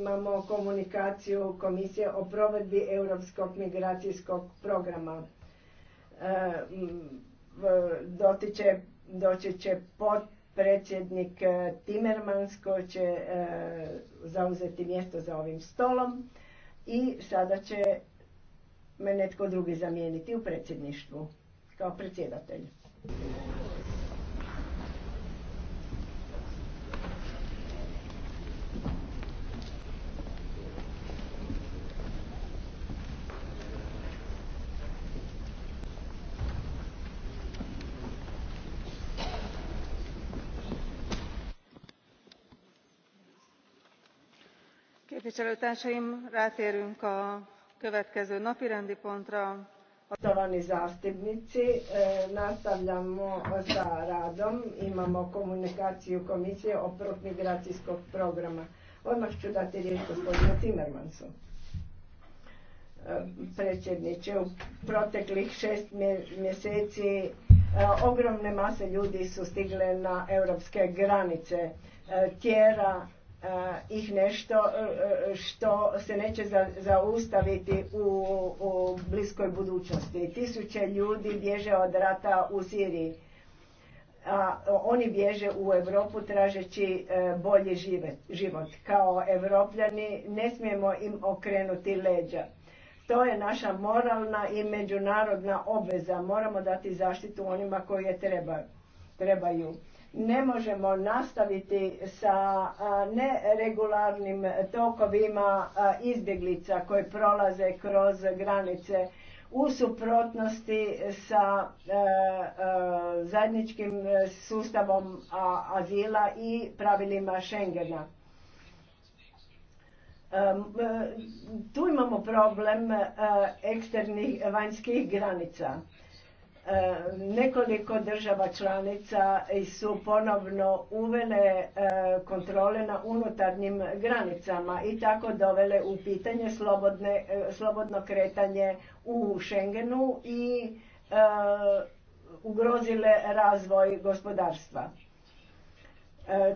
imamo komunikaciju komisije o provedbi europskog migracijskog programa. E, dotiče, doći će potpredsjednik e, Timmermans koji će e, zauzeti mjesto za ovim stolom i sada će me netko drugi zamijeniti u predsjedništvu kao predsjedatelj. képviselőtársaim rátérünk a következő napirendi pontra. Poštovani zastupnici, e, nastavljamo sa radom. Imamo komunikaciju komisije o migracijskog programa. Odmah ću dati riječ gospodinu Timmermansu. E, predsjedniče, u proteklih šest mjeseci e, ogromne mase ljudi su stigle na europske granice. Tjera ih nešto e, e, što se neće zaustaviti u, bliskoj budućnosti. Tisuće ljudi bježe od rata u Siriji. A oni bježe u Europu tražeći e, bolji život. Kao Evropljani ne smijemo im okrenuti leđa. To je naša moralna i međunarodna obveza. Moramo dati zaštitu onima koje trebaju ne možemo nastaviti sa neregularnim tokovima izbjeglica koje prolaze kroz granice u suprotnosti sa e, e, zajedničkim sustavom azila i pravilima Schengena. E, tu imamo problem eksternih vanjskih granica E, nekoliko država članica su ponovno uvele e, kontrole na unutarnjim granicama i tako dovele u pitanje e, slobodno kretanje u Schengenu i ugrozile razvoj gospodarstva.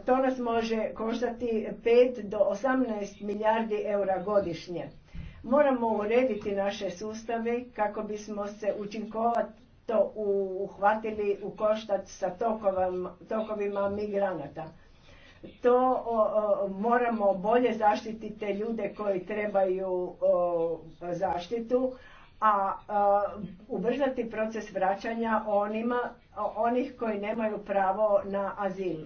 To nas može koštati 5 do 18 milijardi eura godišnje. Moramo urediti naše sustave kako bismo se to uhvatili u koštac sa tokovima migranata. To moramo bolje zaštiti te ljude koji trebaju zaštitu, a ubrzati proces vraćanja onih koji nemaju pravo na azil.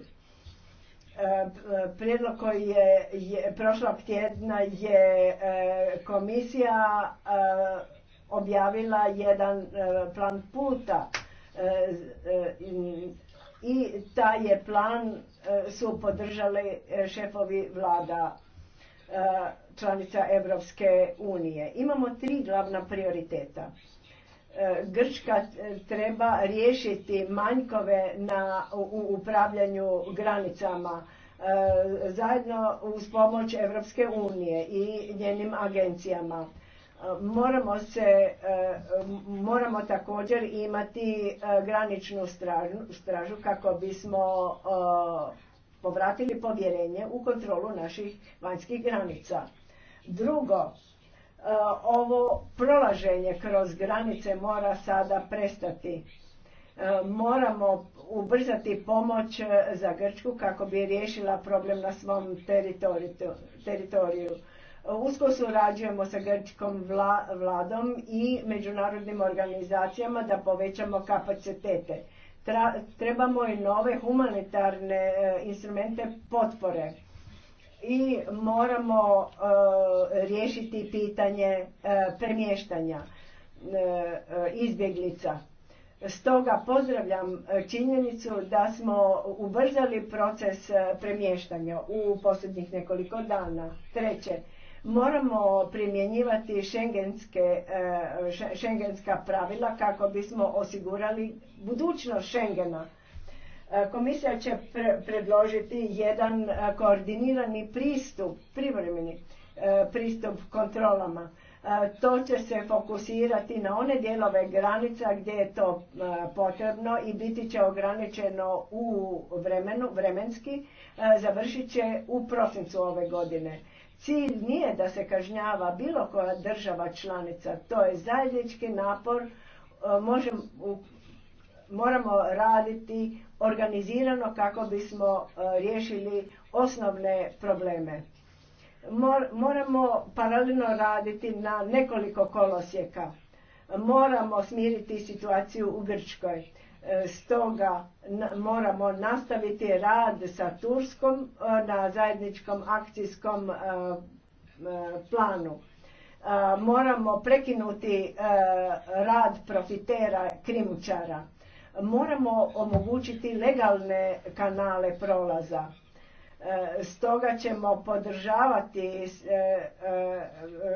E, prijedlog koji je, prošla prošlog tjedna je e, komisija e, objavila jedan e, plan puta e, e, i taj je plan su podržali šefovi vlada članica Evropske unije. Imamo tri glavna prioriteta. Grčka treba riješiti manjkove na, u upravljanju granicama zajedno uz pomoć Evropske unije i njenim agencijama. Moramo, se, e, moramo također imati e, graničnu stražu, stražu kako bismo e, povratili povjerenje u kontrolu naših vanjskih granica. Drugo, ovo prolaženje kroz granice mora sada prestati. Moramo ubrzati pomoć za Grčku kako bi riješila problem na svom teritoriju. Usko surađujemo sa grčkom vladom i međunarodnim organizacijama da povećamo kapacitete. trebamo i nove humanitarne e, instrumente potpore i moramo e, riješiti pitanje e, premještanja izbjeglica. Stoga pozdravljam činjenicu da smo ubrzali proces premještanja u posljednjih nekoliko dana. Treće, Moramo primjenjivati Schengenska eh, pravila kako bismo osigurali budućnost Schengena. Eh, komisija će predložiti jedan eh, koordinirani pristup, privremeni pristup kontrolama. To će se fokusirati na one dijelove granica gdje je to potrebno i biti će ograničeno u vremenu, vremenski, završit će u prosincu ove godine Cilj nije da se kažnjava bilo koja država članica, to je zajednički napor, e, moramo raditi organizirano kako bismo e, riješili osnovne probleme. Moramo paralelno raditi na nekoliko kolosjeka. Moramo smiriti situaciju u Grčkoj. E, stoga moramo nastaviti rad sa Turskom e, na zajedničkom akcijskom e, planu. Moramo prekinuti rad profitera krimčara. Moramo omogućiti legalne kanale prolaza. Stoga ćemo podržavati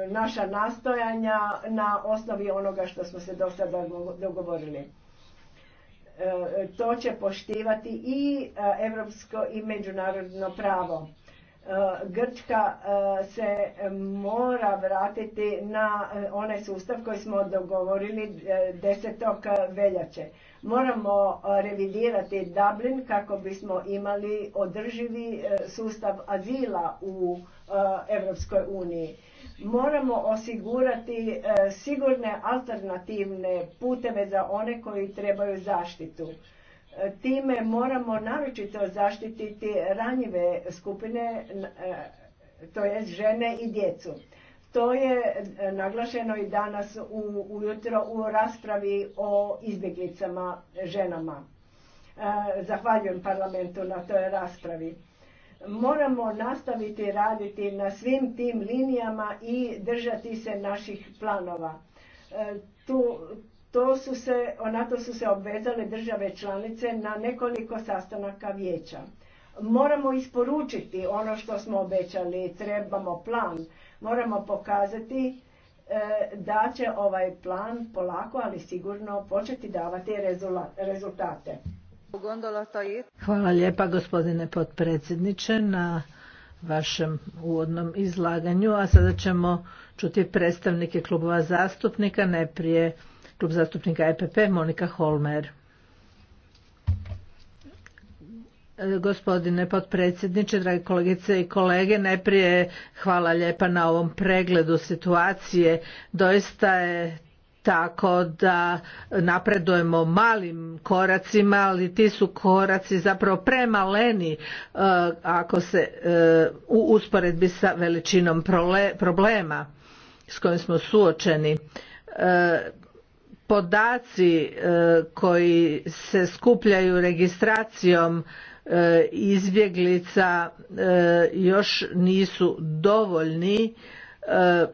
naša nastojanja na osnovi onoga što smo se do sada dogovorili. E, to će poštivati i europsko i međunarodno pravo. E, Grčka e, se mora vratiti na onaj sustav koji smo dogovorili 10. veljače. Moramo revidirati Dublin kako bismo imali održivi e, sustav azila u Europskoj uniji. Moramo osigurati e, sigurne alternativne puteve za one koji trebaju zaštitu. E, time moramo naročito zaštititi ranjive skupine, to je žene i djecu to je e, naglašeno i danas ujutro u raspravi o izbjeglicama ženama. E, zahvaljujem parlamentu na toj raspravi. Moramo nastaviti raditi na svim tim linijama i držati se naših planova. E, to su se, na to su se obvezale države članice na nekoliko sastanaka vijeća. Moramo isporučiti ono što smo obećali, trebamo plan Moramo pokazati e, da će ovaj plan polako, ali sigurno početi davati rezultate. Hvala lijepa gospodine potpredsjedniče na vašem uvodnom izlaganju, a sada ćemo čuti predstavnike klubova zastupnika, najprije klub zastupnika EPP Monika Holmer. Gospodine potpredsjedniče, dragi kolegice i kolege, najprije hvala lijepa na ovom pregledu situacije. Doista je tako da napredujemo malim koracima, ali ti su koraci zapravo premaleni e, ako se e, u usporedbi sa veličinom problema s kojim smo suočeni e, podaci koji se skupljaju registracijom E, izbjeglica e, još nisu dovoljni e,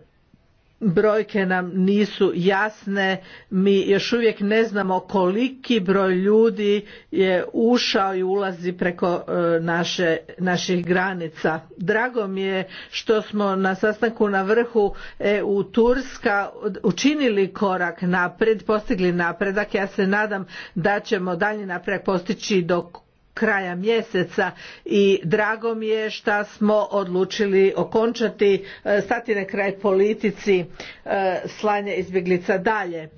brojke nam nisu jasne mi još uvijek ne znamo koliki broj ljudi je ušao i ulazi preko naše, naših granica drago mi je što smo na sastanku na vrhu eu turska učinili korak naprijed postigli napredak ja se nadam da ćemo dalje napredak postići do kraja mjeseca i drago mi je što smo odlučili okončati e, stati na kraj politici e, slanja izbjeglica dalje e,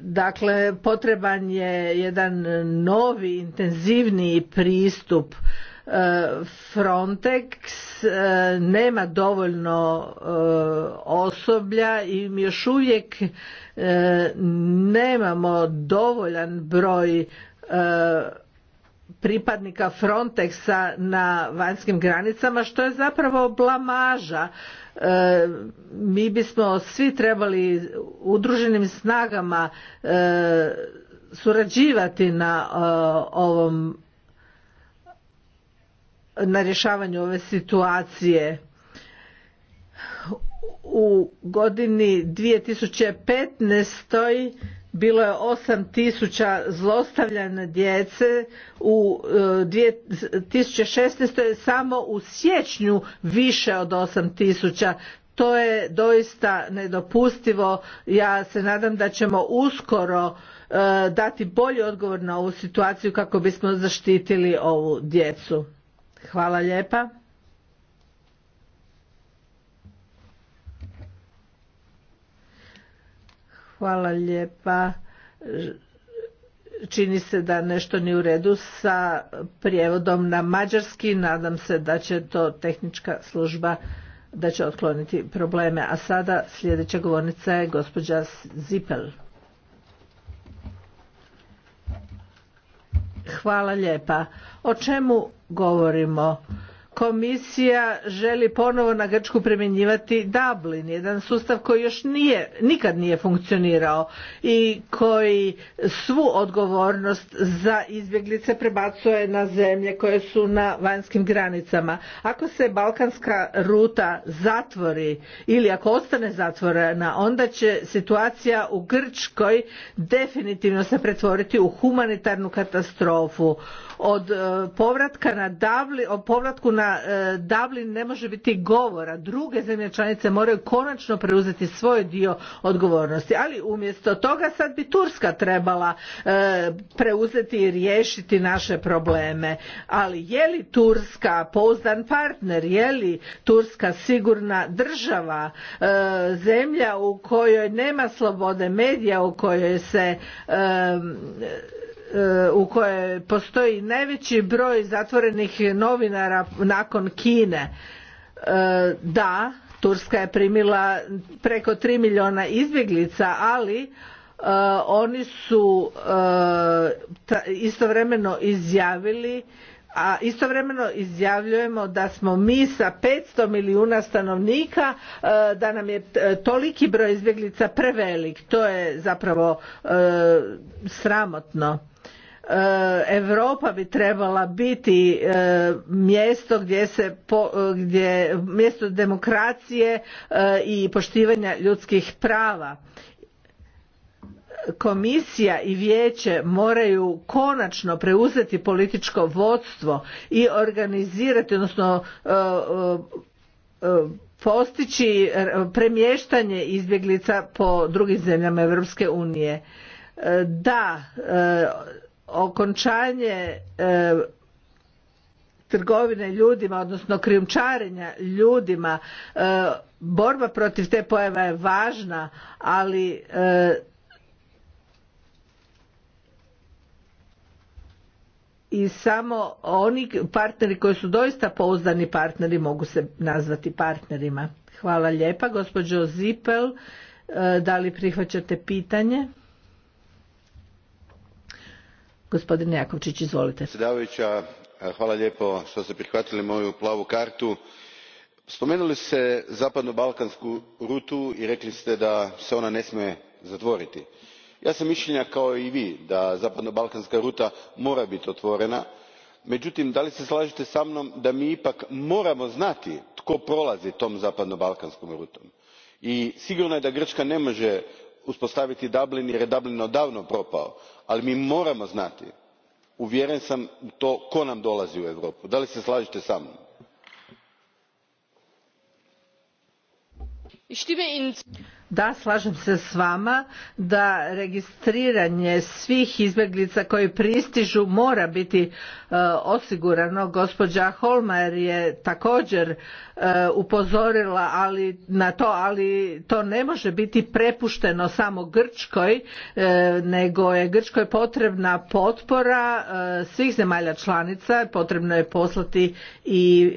dakle potreban je jedan novi intenzivniji pristup Frontex nema dovoljno osoblja i mi još uvijek nemamo dovoljan broj pripadnika Frontexa na vanjskim granicama što je zapravo blamaža. E, mi bismo svi trebali udruženim snagama e, surađivati na e, ovom na rješavanju ove situacije u godini 2015 bilo je 8000 zlostavljane djece u 2016. E, samo u siječnju više od 8000 to je doista nedopustivo ja se nadam da ćemo uskoro e, dati bolji odgovor na ovu situaciju kako bismo zaštitili ovu djecu hvala lijepa Hvala lijepa. Čini se da nešto ni u redu sa prijevodom na mađarski. Nadam se da će to tehnička služba da će otkloniti probleme. A sada sljedeća govornica je gospođa Zipel. Hvala lijepa. O čemu govorimo? komisija želi ponovo na Grčku primjenjivati Dublin, jedan sustav koji još nije, nikad nije funkcionirao i koji svu odgovornost za izbjeglice prebacuje na zemlje koje su na vanjskim granicama. Ako se balkanska ruta zatvori ili ako ostane zatvorena, onda će situacija u Grčkoj definitivno se pretvoriti u humanitarnu katastrofu. Od e, povratka na Dublin, o povratku na E, Dublin ne može biti govora. Druge zemlje članice moraju konačno preuzeti svoj dio odgovornosti. Ali umjesto toga sad bi Turska trebala e, preuzeti i riješiti naše probleme. Ali je li Turska pouzdan partner? Je li Turska sigurna država? E, zemlja u kojoj nema slobode medija, u kojoj se u kojoj postoji najveći broj zatvorenih novinara nakon Kine. E, da, Turska je primila preko 3 milijuna izbjeglica, ali e, oni su e, istovremeno izjavili a istovremeno izjavljujemo da smo mi sa 500 milijuna stanovnika da nam je toliki broj izbjeglica prevelik to je zapravo sramotno Europa bi trebala biti e, mjesto gdje se e, gdje mjesto demokracije e, i poštivanja ljudskih prava komisija i vijeće moraju konačno preuzeti političko vodstvo i organizirati odnosno postići premještanje izbjeglica po drugim zemljama Europske unije da okončanje e, trgovine ljudima odnosno krijumčarenja ljudima e, borba protiv te pojave je važna ali e, i samo oni partneri koji su doista pouzdani partneri mogu se nazvati partnerima. Hvala lijepa. Gospođo Zipel, da li prihvaćate pitanje? Gospodine Jakovčić, izvolite. Predsjedavajuća, hvala lijepo što ste prihvatili moju plavu kartu. Spomenuli ste zapadno balkansku rutu i rekli ste da se ona ne smije zatvoriti. Ja sam mišljenja kao i vi da zapadno balkanska ruta mora biti otvorena. Međutim, da li se slažete sa mnom da mi ipak moramo znati tko prolazi tom zapadno balkanskom rutom? i sigurno je da grčka ne može uspostaviti dublin jer je dublin odavno propao ali mi moramo znati uvjeren sam u to tko nam dolazi u europu. Da li se slažete sa mnom? Da, slažem se s vama da registriranje svih izbjeglica koji pristižu mora biti e, osigurano. Gospođa Holmer je također e, upozorila ali, na to, ali to ne može biti prepušteno samo Grčkoj, e, nego je Grčkoj potrebna potpora svih zemalja članica, potrebno je poslati i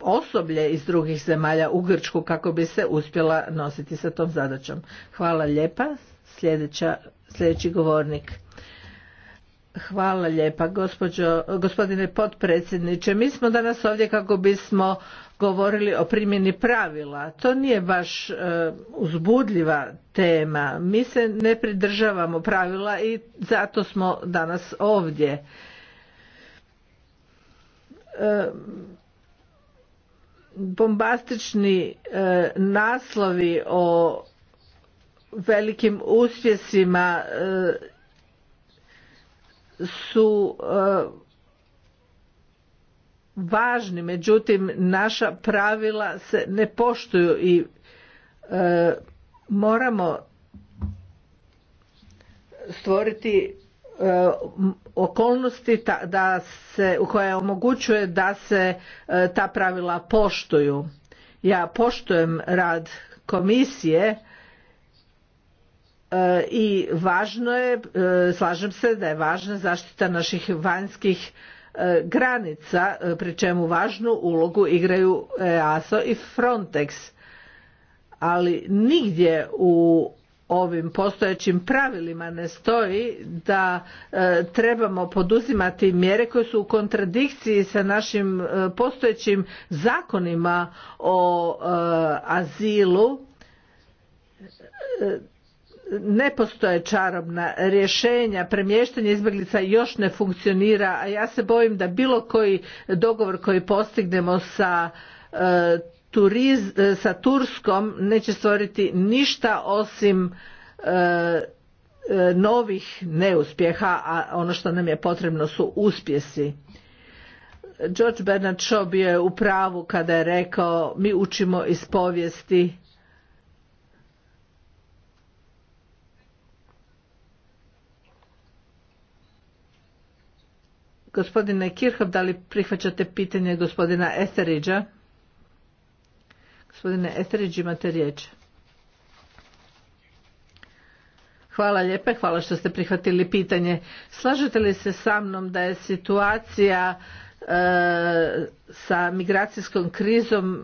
osoblje iz drugih zemalja u Grčku kako bi se uspjela nositi sa tom zadaćom. Hvala lijepa. Sljedeća, sljedeći govornik. Hvala lijepa gospodine potpredsjedniče. Mi smo danas ovdje kako bismo govorili o primjeni pravila. To nije baš e, uzbudljiva tema. Mi se ne pridržavamo pravila i zato smo danas ovdje. E, bombastični e, naslovi o velikim uspjesima e, su e, važni međutim naša pravila se ne poštuju i moramo stvoriti E, okolnosti da se, koja omogućuje da se e, ta pravila poštuju. Ja poštujem rad komisije e, i važno je, slažem se da je važna zaštita naših vanjskih granica, pri čemu važnu ulogu igraju EASO i Frontex. Ali nigdje u ovim postojećim pravilima ne stoji da e, trebamo poduzimati mjere koje su u kontradikciji sa našim e, postojećim zakonima o e, azilu ne postoje čarobna rješenja, premještanje izbjeglica još ne funkcionira, a ja se bojim da bilo koji dogovor koji postignemo sa turiz, e, sa Turskom neće stvoriti ništa osim e, e, novih neuspjeha, a ono što nam je potrebno su uspjesi. George Bernard Shaw bio je u pravu kada je rekao mi učimo iz povijesti Gospodine Kirhov, da li prihvaćate pitanje gospodina Etheridgea? Gospodine Eterić, imate riječ. Hvala lijepe, hvala što ste prihvatili pitanje. Slažete li se sa mnom da je situacija e, sa migracijskom krizom e,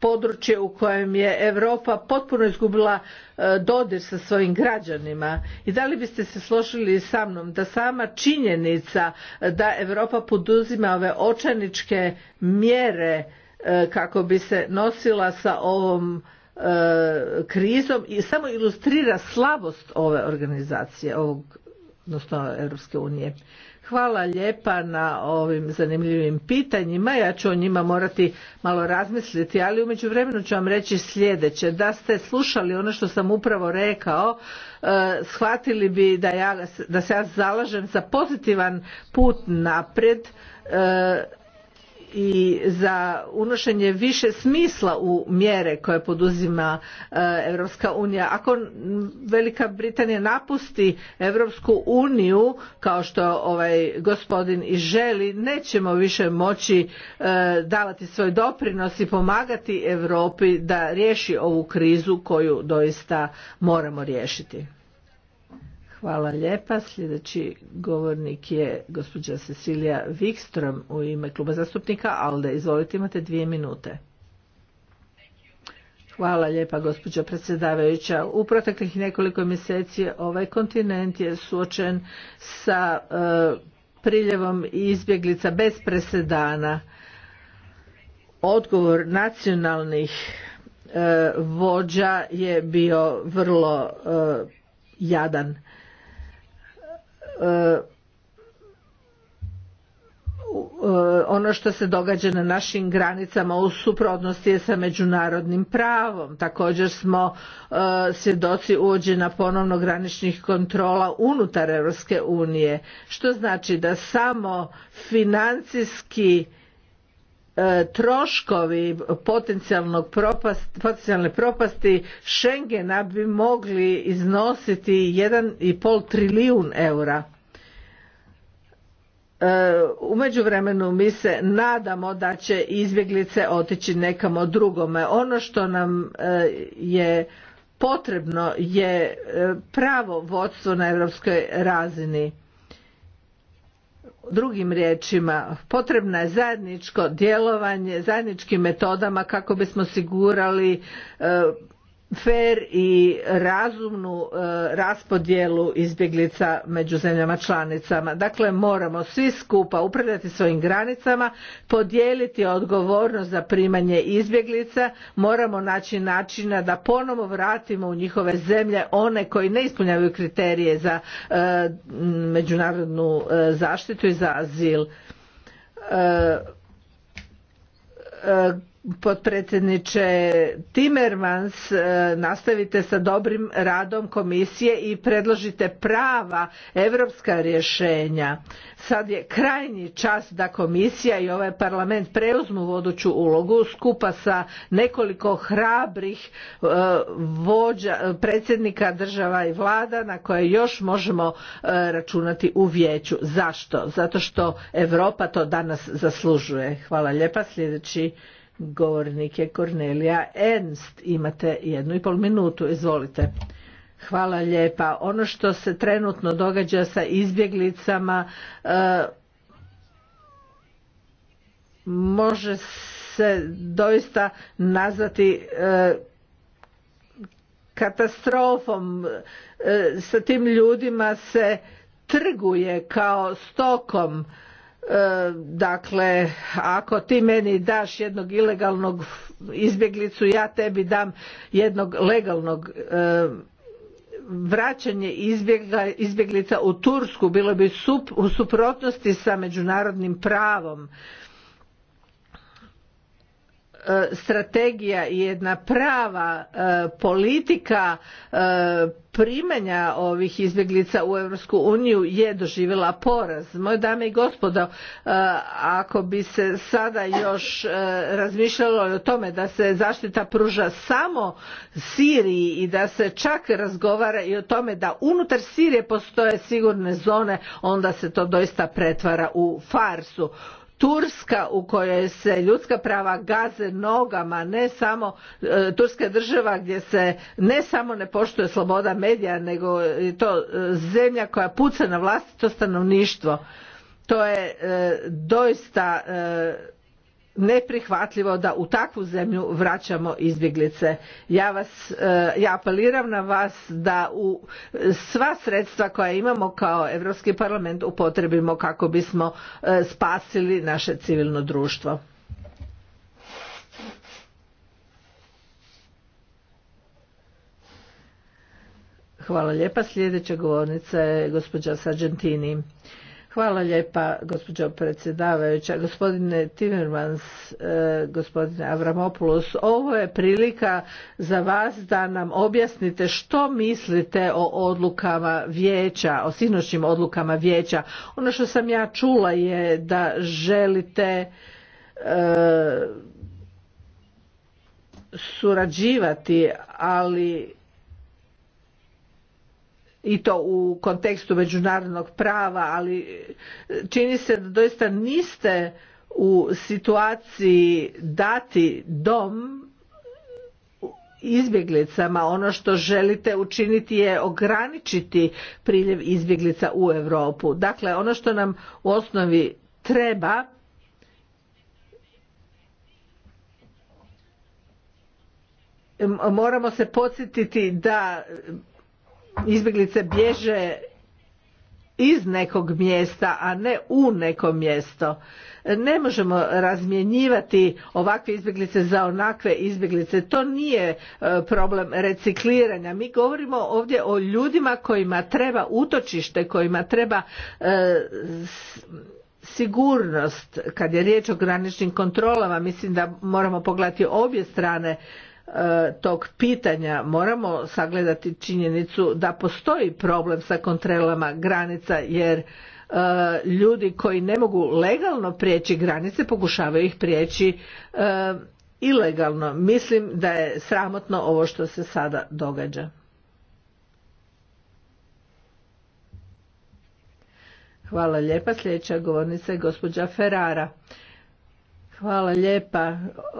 područje u kojem je Europa potpuno izgubila e, dodir sa svojim građanima i da li biste se složili sa mnom da sama činjenica da Europa poduzima ove očajničke mjere E, kako bi se nosila sa ovom e, krizom i samo ilustrira slabost ove organizacije, ovog, odnosno Europske unije. Hvala lijepa na ovim zanimljivim pitanjima. Ja ću o njima morati malo razmisliti, ali u međuvremenu ću vam reći sljedeće. Da ste slušali ono što sam upravo rekao, e, shvatili bi da, ja, da se ja zalažem za pozitivan put naprijed, i za unošenje više smisla u mjere koje poduzima Europska unija. Ako Velika Britanija napusti Europsku uniju, kao što ovaj gospodin i želi, nećemo više moći e, davati svoj doprinos i pomagati Europi da riješi ovu krizu koju doista moramo riješiti. Hvala lijepa. Sljedeći govornik je gospođa Cecilija Wikstrom u ime kluba zastupnika ALDE. Izvolite, imate dvije minute. Hvala lijepa gospođo predsjedavajuća. U proteklih nekoliko mjeseci ovaj kontinent je suočen sa e, priljevom izbjeglica bez presedana. Odgovor nacionalnih e, vođa je bio vrlo e, jadan. E, e, ono što se događa na našim granicama u suprotnosti je sa međunarodnim pravom. Također smo e, svjedoci uvođenja ponovno graničnih kontrola unutar Europske unije, što znači da samo financijski E, troškovi potencijalne propasti Schengena bi mogli iznositi 1,5 trilijun eura. E, u međuvremenu mi se nadamo da će izbjeglice otići nekamo drugome. Ono što nam e, je potrebno je pravo vodstvo na europskoj razini Drugim riječima, potrebno je zajedničko djelovanje, zajedničkim metodama kako bismo sigurali e, fer i razumnu e, raspodjelu izbjeglica među zemljama članicama. Dakle, moramo svi skupa upredati svojim granicama, podijeliti odgovornost za primanje izbjeglica, moramo naći načina da ponovo vratimo u njihove zemlje one koji ne ispunjavaju kriterije za e, međunarodnu e, zaštitu i za azil potpredsjedniče Timmermans e, nastavite sa dobrim radom komisije i predložite prava europska rješenja. Sad je krajnji čas da komisija i ovaj parlament preuzmu voduću ulogu skupa sa nekoliko hrabrih e, vođa, predsjednika država i vlada na koje još možemo e, računati u vijeću. Zašto? Zato što Europa to danas zaslužuje. Hvala lijepa. Sljedeći govornik je Kornelija Ernst. Imate jednu i pol minutu, izvolite. Hvala lijepa. Ono što se trenutno događa sa izbjeglicama e, može se doista nazvati e, katastrofom. E, sa tim ljudima se trguje kao stokom E, dakle ako ti meni daš jednog ilegalnog izbjeglicu ja tebi dam jednog legalnog e, vraćanje izbjeglica u Tursku bilo bi u suprotnosti sa međunarodnim pravom strategija i jedna prava e, politika e, primanja ovih izbjeglica u Europsku uniju je doživjela poraz. Moje dame i gospodo, e, ako bi se sada još razmišljalo o tome da se zaštita pruža samo Siriji i da se čak razgovara i o tome da unutar Sirije postoje sigurne zone, onda se to doista pretvara u farsu Turska u kojoj se ljudska prava gaze nogama, ne samo e, Turska država gdje se ne samo ne poštuje sloboda medija, nego je to e, zemlja koja puca na vlastito stanovništvo. To je e, doista neprihvatljivo da u takvu zemlju vraćamo izbjeglice. Ja, vas, e, ja apeliram na vas da sva sredstva koja imamo kao Europski parlament upotrebimo kako bismo e, spasili naše civilno društvo. Hvala lijepa. Sljedeća govornica je gospođa Sargentini. Hvala lijepa gospođo predsjedavajuća, gospodine Timmermans, e, gospodine Avramopoulos. Ovo je prilika za vas da nam objasnite što mislite o odlukama vijeća, o sinoćnim odlukama vijeća. Ono što sam ja čula je da želite e, surađivati, ali i to u kontekstu međunarodnog prava, ali e, čini se da doista niste u situaciji dati dom izbjeglicama ono što želite učiniti je ograničiti priljev izbjeglica u Europu. Dakle ono što nam u osnovi treba moramo se podsjetiti da izbjeglice bježe iz nekog mjesta, a ne u neko mjesto. Ne možemo razmjenjivati ovakve izbjeglice za onakve izbjeglice. To nije e, problem recikliranja. Mi govorimo ovdje o ljudima kojima treba utočište, kojima treba e, sigurnost. Kad je riječ o graničnim kontrolama, mislim da moramo pogledati obje strane E, tog pitanja moramo sagledati činjenicu da postoji problem sa kontrolama granica jer e, ljudi koji ne mogu legalno prijeći granice pokušavaju ih prijeći e, ilegalno. Mislim da je sramotno ovo što se sada događa. Hvala lijepa. Sljedeća govornica je gospođa Ferrara. Hvala lijepa.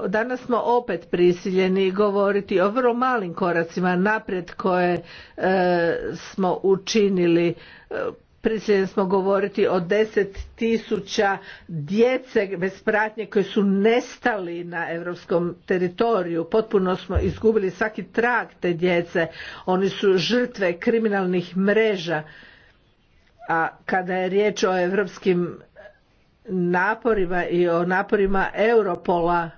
Danas smo opet prisiljeni govoriti o vrlo malim koracima naprijed koje e, smo učinili. E, prisiljeni smo govoriti o deset tisuća djece bez pratnje koje su nestali na europskom teritoriju. Potpuno smo izgubili svaki trag te djece. Oni su žrtve kriminalnih mreža. A kada je riječ o europskim naporima i o naporima Europola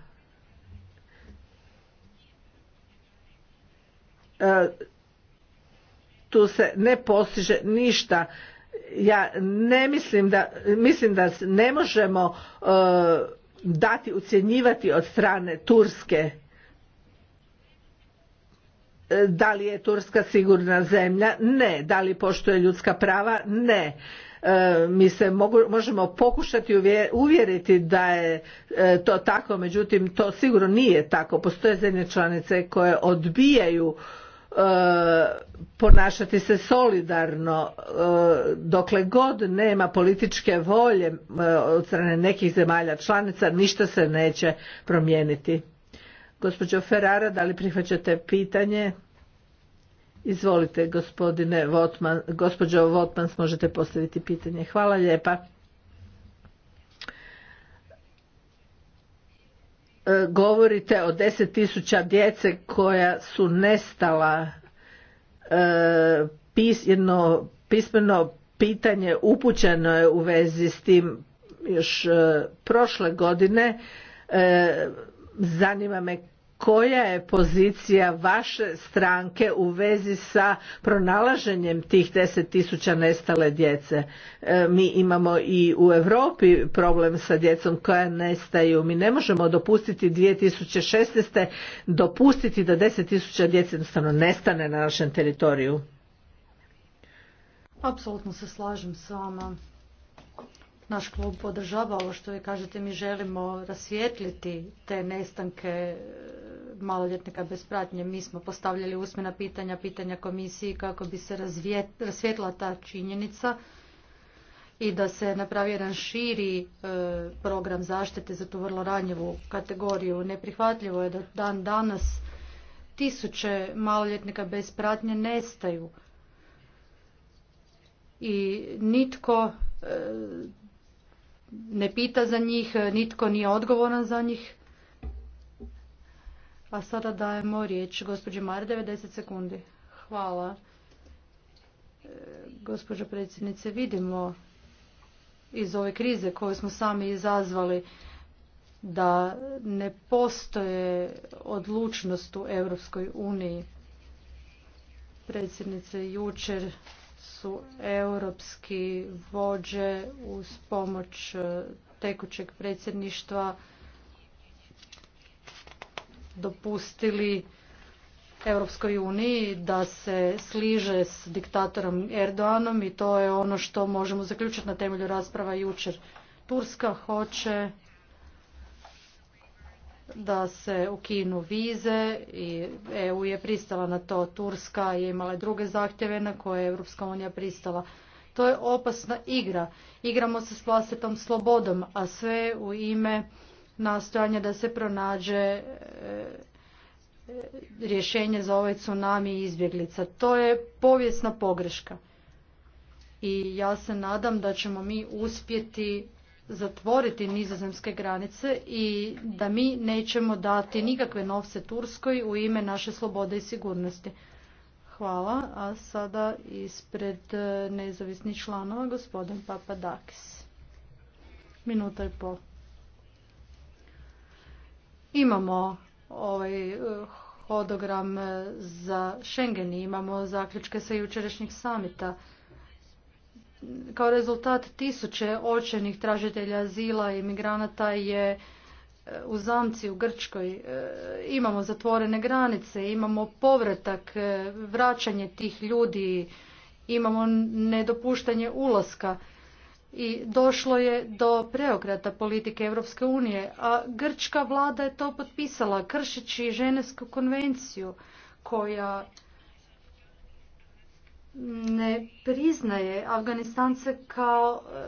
e, tu se ne postiže ništa ja ne mislim da mislim da ne možemo e, dati ucjenjivati od strane Turske e, da li je Turska sigurna zemlja? Ne. Da li poštuje ljudska prava? Ne. E, mi se možemo pokušati uvjeriti da je e, to tako, međutim to sigurno nije tako. Postoje zemlje članice koje odbijaju e, ponašati se solidarno dokle god nema političke volje od strane nekih zemalja članica ništa se neće promijeniti. Gospođo Ferrara, da li prihvaćate pitanje? Izvolite, gospodine Votman, gospođo Votmans, možete postaviti pitanje. Hvala lijepa. E, govorite o tisuća djece koja su nestala. E, jedno pismeno pitanje upućeno je u vezi s tim još e, prošle godine. Zanima me koja je pozicija vaše stranke u vezi sa pronalaženjem tih 10.000 nestale djece e, mi imamo i u Europi problem sa djecom koja nestaju mi ne možemo dopustiti 2016. dopustiti da 10.000 djece jednostavno nestane na našem teritoriju apsolutno se slažem s vama naš klub podržava ovo što vi kažete, mi želimo rasvijetliti te nestanke e, maloljetnika bez pratnje. Mi smo postavljali usmena pitanja, pitanja komisiji kako bi se ta činjenica i da se napravi jedan širi e, program zaštite za tu vrlo ranjivu kategoriju. Neprihvatljivo je da dan danas tisuće maloljetnika bez pratnje nestaju i nitko e, ne pita za njih, nitko nije odgovoran za njih. A sada dajemo riječ gospođi Mare 90 sekundi. Hvala. E, gospođo predsjednice, vidimo iz ove krize koju smo sami izazvali da ne postoje odlučnost u Europskoj uniji. Predsjednice, jučer su europski vođe uz pomoć e, tekućeg predsjedništva dopustili Europskoj uniji da se sliže s diktatorom Erdoganom i to je ono što možemo zaključiti na temelju rasprava jučer. Turska hoće da se ukinu vize i EU je pristala na to. Turska je imala druge zahtjeve na koje je Europska unija pristala. To je opasna igra. Igramo se s vlastitom slobodom, a sve u ime nastojanja da se pronađe e, e, rješenje za ovaj tsunami i izbjeglica. To je povijesna pogreška. I ja se nadam da ćemo mi uspjeti zatvoriti nizozemske granice i da mi nećemo dati nikakve novce Turskoj u ime naše slobode i sigurnosti. Hvala. A sada ispred e, nezavisnih članova gospodin Papadakis. Minuta i pol. Imamo ovaj e, hodogram e, za Schengen i imamo zaključke sa jučerašnjeg samita kao rezultat tisuće očenih tražitelja azila i migranata je e, u Zamci, u Grčkoj. E, imamo zatvorene granice, imamo povratak, e, vraćanje tih ljudi, imamo nedopuštanje ulaska i došlo je do preokrata politike Europske unije, a grčka vlada je to potpisala kršeći Ženevsku konvenciju koja ne priznaje Afganistance kao e,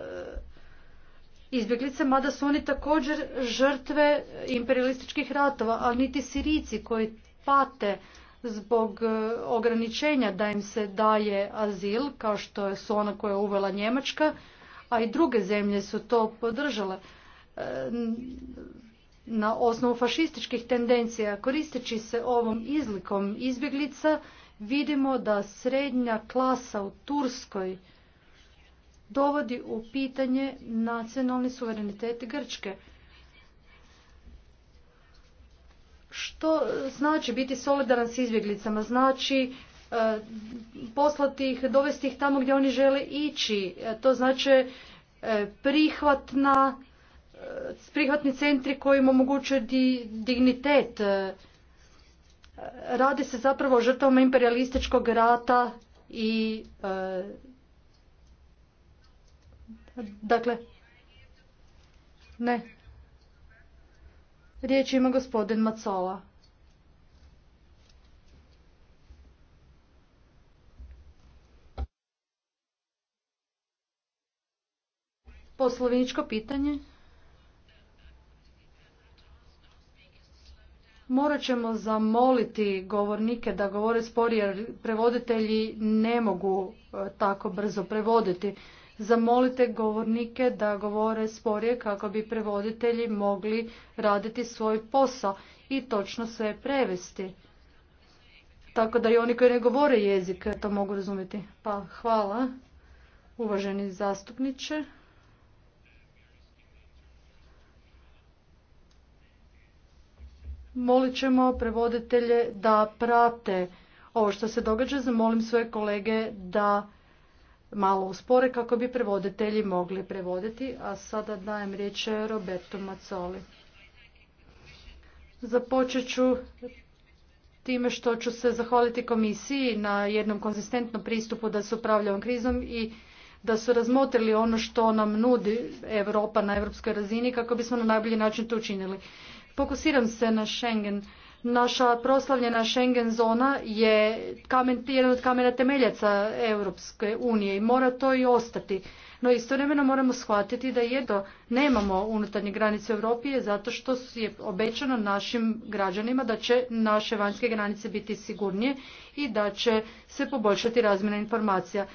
izbjeglice, mada su oni također žrtve imperialističkih ratova, ali niti Sirici koji pate zbog e, ograničenja da im se daje azil, kao što su ona koja je uvela Njemačka, a i druge zemlje su to podržale e, na osnovu fašističkih tendencija, koristeći se ovom izlikom izbjeglica, vidimo da srednja klasa u Turskoj dovodi u pitanje nacionalni suverenitet Grčke. Što znači biti solidaran s izbjeglicama? Znači e, poslati ih, dovesti ih tamo gdje oni žele ići. E, to znači e, prihvatna prihvatni centri koji im omogućuju dignitet Radi se zapravo o žrtvama imperialističkog rata i e, dakle ne. Riječ ima gospodin Macola. Poslovničko pitanje. Morat ćemo zamoliti govornike da govore sporije jer prevoditelji ne mogu e, tako brzo prevoditi. Zamolite govornike da govore sporije kako bi prevoditelji mogli raditi svoj posao i točno sve prevesti. Tako da i oni koji ne govore jezik to mogu razumjeti. Pa hvala uvaženi zastupniče. molit ćemo prevoditelje da prate ovo što se događa. Zamolim svoje kolege da malo uspore kako bi prevoditelji mogli prevoditi. A sada dajem riječ Roberto Macoli. Započet ću time što ću se zahvaliti komisiji na jednom konzistentnom pristupu da se upravlja ovom krizom i da su razmotrili ono što nam nudi Europa na evropskoj razini kako bismo na najbolji način to učinili. Fokusiram se na Schengen. Naša proslavljena Schengen zona je kamen, jedan od kamena temeljaca Europske unije i mora to i ostati. No istovremeno moramo shvatiti da jedno nemamo unutarnje granice Europi zato što je obećano našim građanima da će naše vanjske granice biti sigurnije i da će se poboljšati razmjena informacija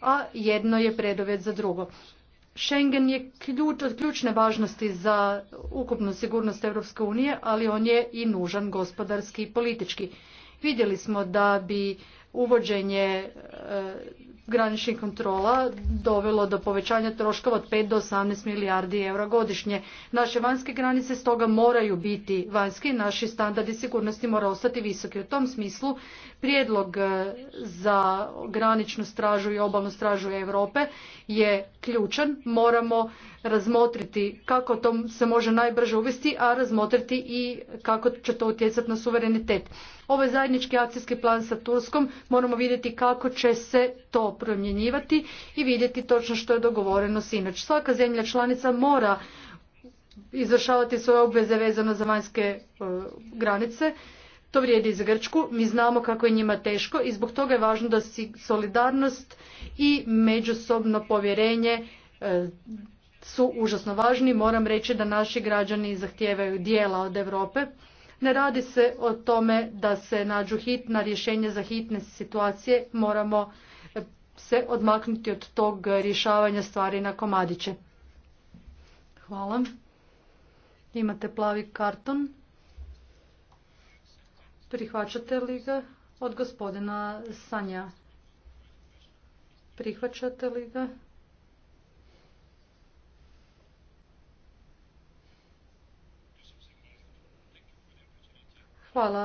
a jedno je predovjet za drugo. Schengen je od ključne važnosti za ukupnu sigurnost Europske unije, ali on je i nužan gospodarski i politički. Vidjeli smo da bi uvođenje e, graničnih kontrola dovelo do povećanja troškova od 5 do 18 milijardi eura godišnje. Naše vanjske granice stoga moraju biti vanjske, naši standardi sigurnosti mora ostati visoki. U tom smislu prijedlog e, za graničnu stražu i obalnu stražu Europe je ključan. Moramo razmotriti kako to se može najbrže uvesti, a razmotriti i kako će to utjecati na suverenitet. je ovaj zajednički akcijski plan sa Turskom moramo vidjeti kako će se to promjenjivati i vidjeti točno što je dogovoreno inače. Svaka zemlja članica mora izvršavati svoje obveze vezano za vanjske e, granice to vrijedi za Grčku. Mi znamo kako je njima teško i zbog toga je važno da solidarnost i međusobno povjerenje e, su užasno važni. Moram reći da naši građani zahtijevaju dijela od Europe. Ne radi se o tome da se nađu hitna rješenja za hitne situacije. Moramo e, se odmaknuti od tog rješavanja stvari na komadiće. Hvala. Imate plavi karton. Prihvaćate li ga od gospodina Sanja? Prihvaćate li ga? Hvala,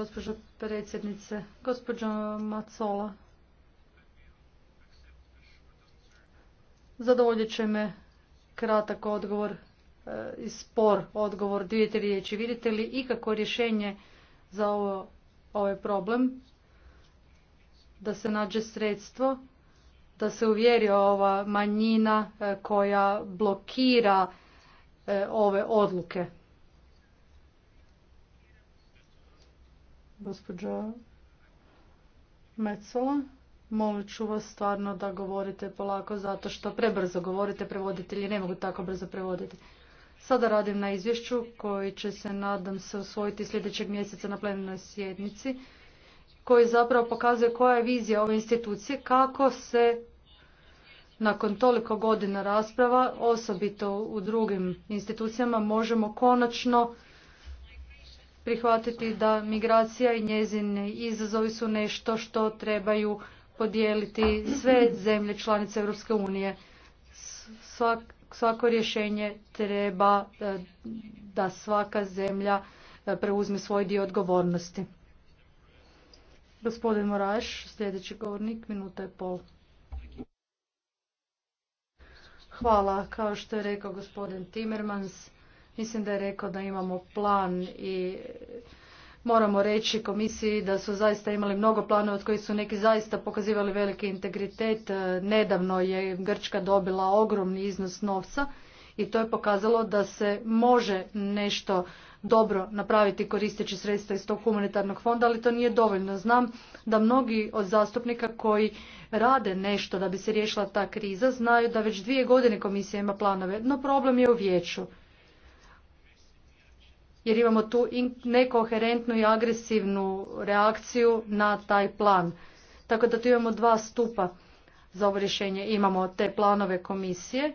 gospođo predsjednice. Gospođo Macola. Zadovoljit će me kratak odgovor e, i spor odgovor dvije te riječi. Vidite li ikako rješenje za ovaj problem, da se nađe sredstvo, da se uvjeri ova manjina e, koja blokira e, ove odluke. Gospođo Mecola, molit ću vas stvarno da govorite polako zato što prebrzo govorite, prevoditelji ne mogu tako brzo prevoditi. Sada radim na izvješću koji će se, nadam se, osvojiti sljedećeg mjeseca na plenarnoj sjednici, koji zapravo pokazuje koja je vizija ove institucije, kako se nakon toliko godina rasprava, osobito u drugim institucijama, možemo konačno prihvatiti da migracija i njezine izazovi su nešto što trebaju podijeliti sve zemlje članice Europske unije. Svak, svako rješenje treba e, da svaka zemlja e, preuzme svoj dio odgovornosti. Gospodin Moraš, sljedeći govornik, minuta je pol. Hvala. Kao što je rekao gospodin Timmermans, mislim da je rekao da imamo plan i Moramo reći komisiji da su zaista imali mnogo planova od kojih su neki zaista pokazivali veliki integritet. E, Nedavno je Grčka dobila ogromni iznos novca i to je pokazalo da se može nešto dobro napraviti koristeći sredstva iz tog humanitarnog fonda, ali to nije dovoljno. Znam da mnogi od zastupnika koji rade nešto da bi se riješila ta kriza znaju da već dvije godine komisija ima planove, no problem je u vijeću jer imamo tu nekoherentnu i agresivnu reakciju na taj plan. Tako da tu imamo dva stupa za ovo rješenje. Imamo te planove komisije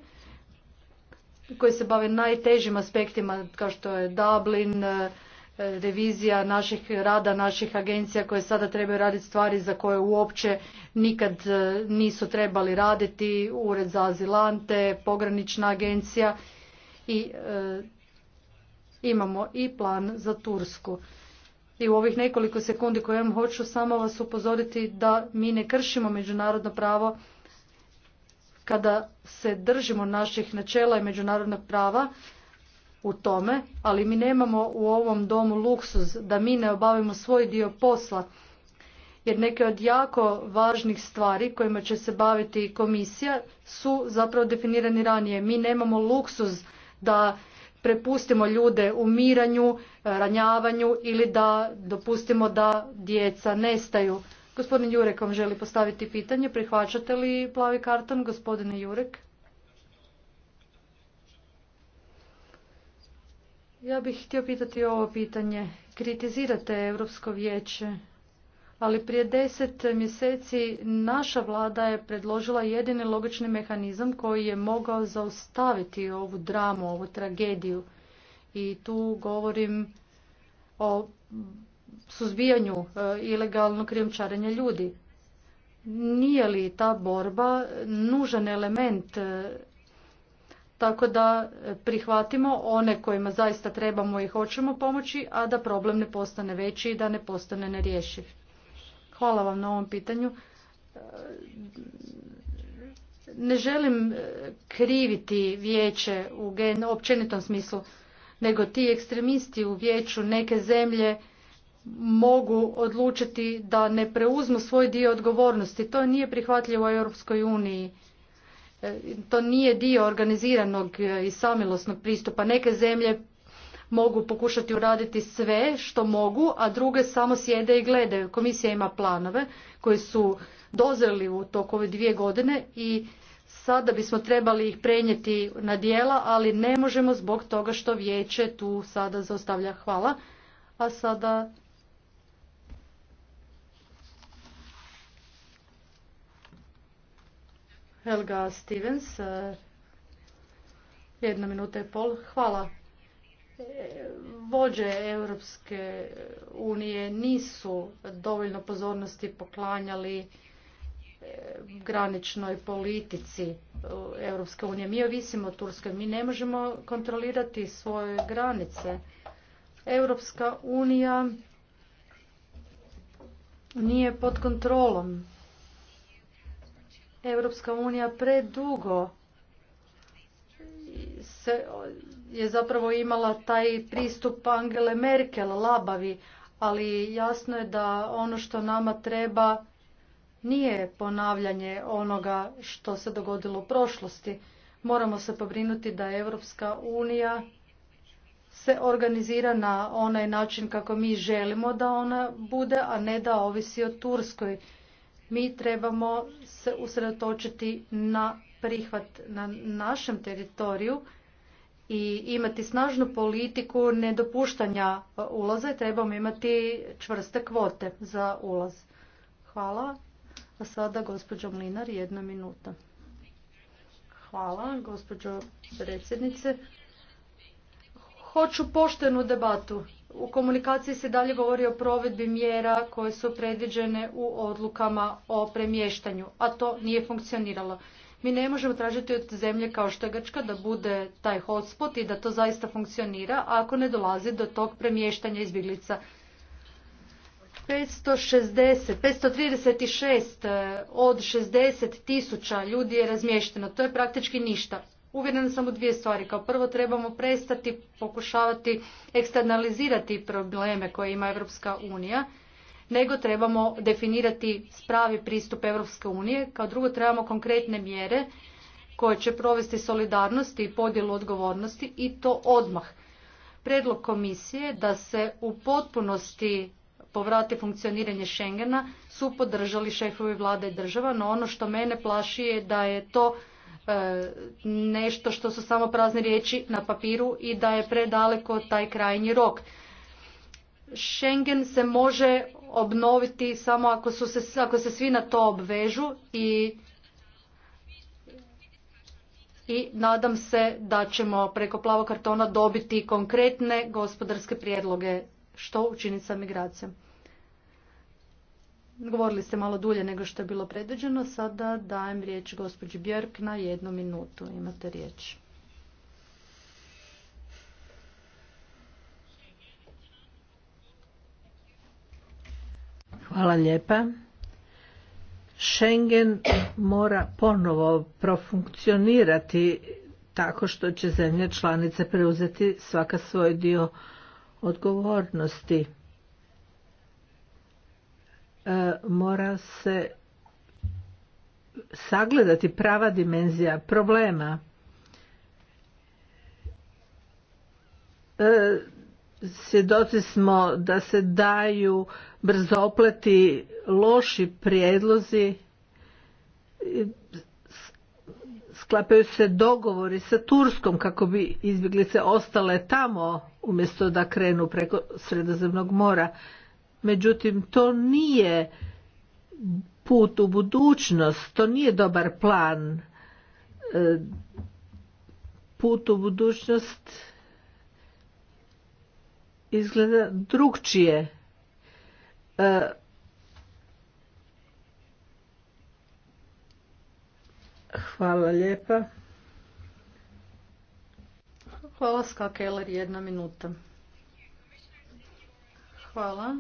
koje se bave najtežim aspektima kao što je Dublin, e, revizija naših rada, naših agencija koje sada trebaju raditi stvari za koje uopće nikad e, nisu trebali raditi, ured za azilante, pogranična agencija i e, imamo i plan za Tursku. I u ovih nekoliko sekundi koje vam hoću samo vas upozoriti da mi ne kršimo međunarodno pravo kada se držimo naših načela i međunarodnog prava u tome, ali mi nemamo u ovom domu luksuz da mi ne obavimo svoj dio posla. Jer neke od jako važnih stvari kojima će se baviti komisija su zapravo definirani ranije. Mi nemamo luksuz da prepustimo ljude umiranju, ranjavanju ili da dopustimo da djeca nestaju. Gospodin Jurek vam želi postaviti pitanje. Prihvaćate li plavi karton, gospodine Jurek? Ja bih htio pitati ovo pitanje. Kritizirate Europsko vijeće ali prije deset mjeseci naša vlada je predložila jedini logični mehanizam koji je mogao zaustaviti ovu dramu, ovu tragediju. I tu govorim o suzbijanju e, ilegalnog krijumčarenja ljudi. Nije li ta borba nužan element e, tako da prihvatimo one kojima zaista trebamo i hoćemo pomoći, a da problem ne postane veći i da ne postane nerješiv. Hvala vam na ovom pitanju. E, ne želim e, kriviti vijeće u općenitom smislu, nego ti ekstremisti u vijeću neke zemlje mogu odlučiti da ne preuzmu svoj dio odgovornosti. To nije prihvatljivo u Europskoj uniji. E, to nije dio organiziranog i samilosnog pristupa. Neke zemlje mogu pokušati uraditi sve što mogu, a druge samo sjede i gledaju. Komisija ima planove koji su dozreli u toku ove dvije godine i sada bismo trebali ih prenijeti na dijela, ali ne možemo zbog toga što vijeće tu sada zaostavlja. Hvala. A sada... Helga Stevens, eh, jedna minuta i pol. Hvala vođe Europske unije nisu dovoljno pozornosti poklanjali eh, graničnoj politici eh, Europske unije. Mi ovisimo o Turske, mi ne možemo kontrolirati svoje granice. Europska unija nije pod kontrolom. Europska unija predugo se je zapravo imala taj pristup Angele Merkel, labavi, ali jasno je da ono što nama treba nije ponavljanje onoga što se dogodilo u prošlosti. Moramo se pobrinuti da Europska unija se organizira na onaj način kako mi želimo da ona bude, a ne da ovisi o Turskoj. Mi trebamo se usredotočiti na prihvat na našem teritoriju i imati snažnu politiku nedopuštanja ulaza i trebamo imati čvrste kvote za ulaz. Hvala. A sada gospođo Mlinar, jedna minuta. Hvala gospođo predsjednice. Hoću poštenu debatu. U komunikaciji se dalje govori o provedbi mjera koje su predviđene u odlukama o premještanju, a to nije funkcioniralo. Mi ne možemo tražiti od zemlje kao što je Grčka da bude taj hotspot i da to zaista funkcionira ako ne dolazi do tog premještanja izbjeglica. 560, 536 eh, od 60 tisuća ljudi je razmješteno. To je praktički ništa. Uvjerena sam u dvije stvari. Kao prvo trebamo prestati pokušavati eksternalizirati probleme koje ima Europska unija nego trebamo definirati spravi pristup Europske unije. Kao drugo trebamo konkretne mjere koje će provesti solidarnost i podjelu odgovornosti i to odmah. Predlog komisije da se u potpunosti povrati funkcioniranje Schengena su podržali šefovi vlade i država, no ono što mene plaši je da je to e, nešto što su samo prazne riječi na papiru i da je predaleko taj krajnji rok. Schengen se može obnoviti samo ako, su se, ako se svi na to obvežu i i nadam se da ćemo preko plavog kartona dobiti konkretne gospodarske prijedloge što učiniti sa migracijom. Govorili ste malo dulje nego što je bilo predviđeno. Sada dajem riječ gospođi Björk na jednu minutu. Imate riječ. Hvala lijepa. Schengen mora ponovo profunkcionirati tako što će zemlje članice preuzeti svaka svoj dio odgovornosti. E, mora se sagledati prava dimenzija problema. E, svjedoci smo da se daju brzopleti loši prijedlozi sklapaju se dogovori sa Turskom kako bi izbjeglice ostale tamo umjesto da krenu preko Sredozemnog mora. Međutim, to nije put u budućnost, to nije dobar plan. E, put u budućnost izgleda drugčije. Hvala lijepa. Hvala Keller, jedna minuta. Hvala.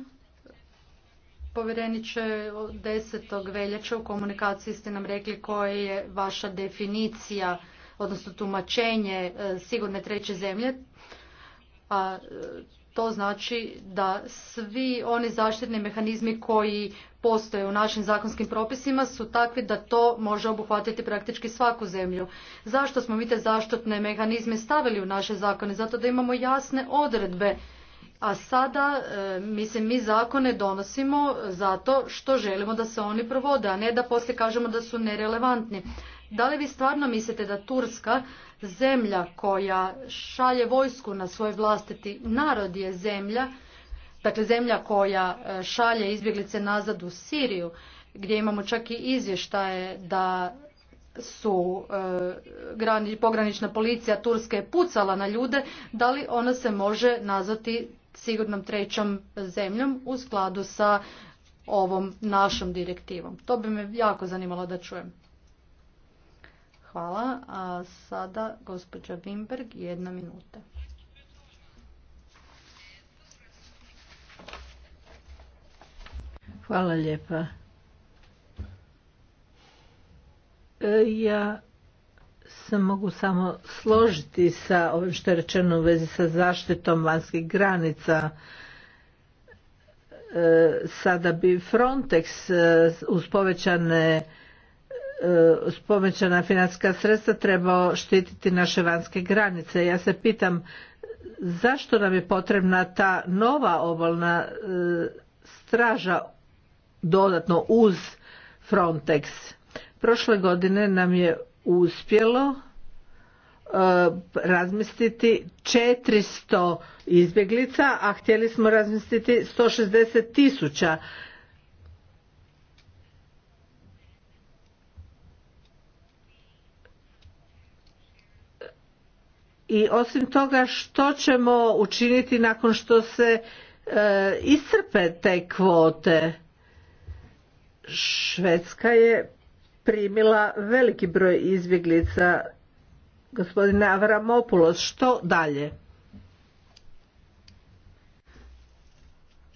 Povjereniče, 10. veljače u komunikaciji ste nam rekli koja je vaša definicija, odnosno tumačenje eh, sigurne treće zemlje. A to znači da svi oni zaštitni mehanizmi koji postoje u našim zakonskim propisima su takvi da to može obuhvatiti praktički svaku zemlju. Zašto smo mi te zaštitne mehanizme stavili u naše zakone? Zato da imamo jasne odredbe. A sada, e, mislim, mi zakone donosimo zato što želimo da se oni provode, a ne da poslije kažemo da su nerelevantni. Da li vi stvarno mislite da Turska Zemlja koja šalje vojsku na svoj vlastiti narod je zemlja, dakle zemlja koja e, šalje izbjeglice nazad u Siriju, gdje imamo čak i izvještaje da su e, pogranična policija Turske pucala na ljude, da li ona se može nazvati sigurnom trećom zemljom u skladu sa ovom našom direktivom. To bi me jako zanimalo da čujem. Hvala. A sada gospođa Wimberg, jedna minuta. Hvala lijepa. E, ja se mogu samo složiti sa ovim što je rečeno u vezi sa zaštitom vanjskih granica. E, sada bi Frontex e, uz povećane E, povećana financijska sredstva trebao štititi naše vanjske granice. Ja se pitam zašto nam je potrebna ta nova obalna e, straža dodatno uz Frontex. Prošle godine nam je uspjelo e, razmistiti 400 izbjeglica, a htjeli smo razmisliti 160 tisuća i osim toga što ćemo učiniti nakon što se e, iscrpe te kvote Švedska je primila veliki broj izbjeglica gospodine Avramopulos što dalje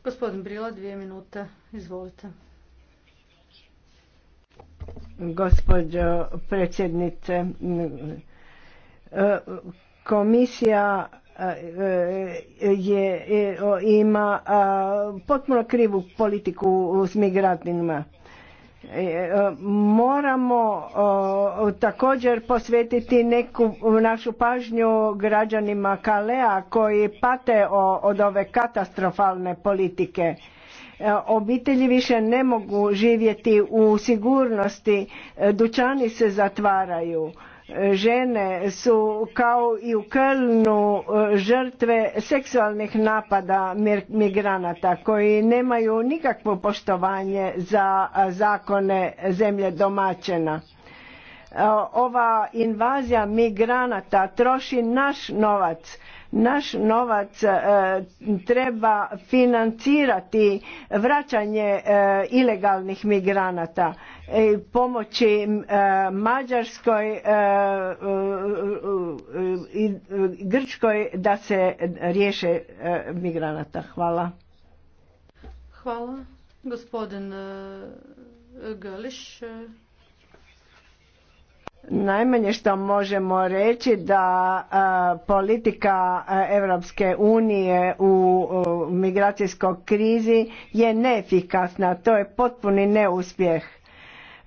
Gospodin Brila, dvije minute, izvolite. Gospođo predsjednice, e, komisija eh, eh, je, eh, ima potpuno krivu politiku s migrantima. Moramo također posvetiti neku našu pažnju građanima Kalea koji pate od ove katastrofalne politike obitelji više ne mogu živjeti u sigurnosti, dućani se zatvaraju, žene su kao i u Kölnu e, žrtve seksualnih napada migranata koji nemaju nikakvo poštovanje za e, zakone zemlje domaćena. E, ova invazija migranata troši naš novac naš novac e, treba financirati vraćanje e, ilegalnih migranata i pomoći e, Mađarskoj i Grčkoj da se riješe migranata. Hvala. Hvala. Gospodin Gališ, Najmanje što možemo reći da politika Europske unije u migracijskoj krizi je neefikasna, to je potpuni neuspjeh.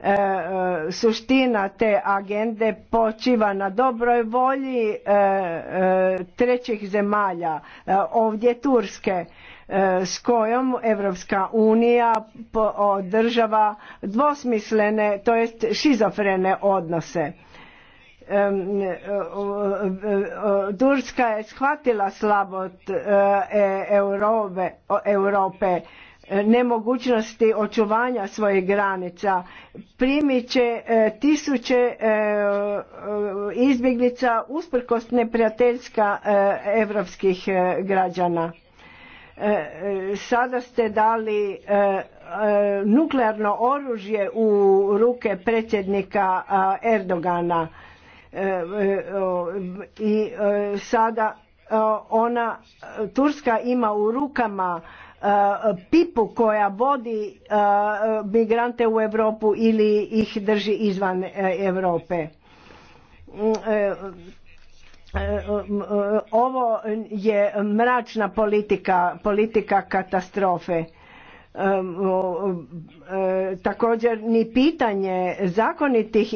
E, e, suština te agende počiva na dobroj volji e, trećih zemalja, ovdje Turske E, s kojom Evropska unija održava dvosmislene, to jest šizofrene odnose. E, Turska je shvatila slabot e, Europe, nemogućnosti očuvanja svojih granica. Primit će tisuće izbjeglica usprkos neprijateljska evropskih građana E, e, sada ste dali e, nuklearno oružje u ruke predsjednika Erdogana i sada ona Turska ima u rukama pipu koja vodi migrante u Europu ili ih drži izvan Europe mm, E, e, ovo je mračna politika, politika katastrofe. E, također ni pitanje zakonitih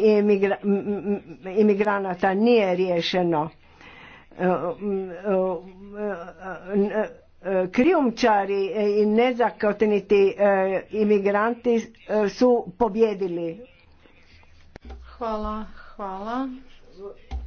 imigranata nije riješeno. Krijumčari i nezakoniti imigranti su pobjedili. Hvala, hvala.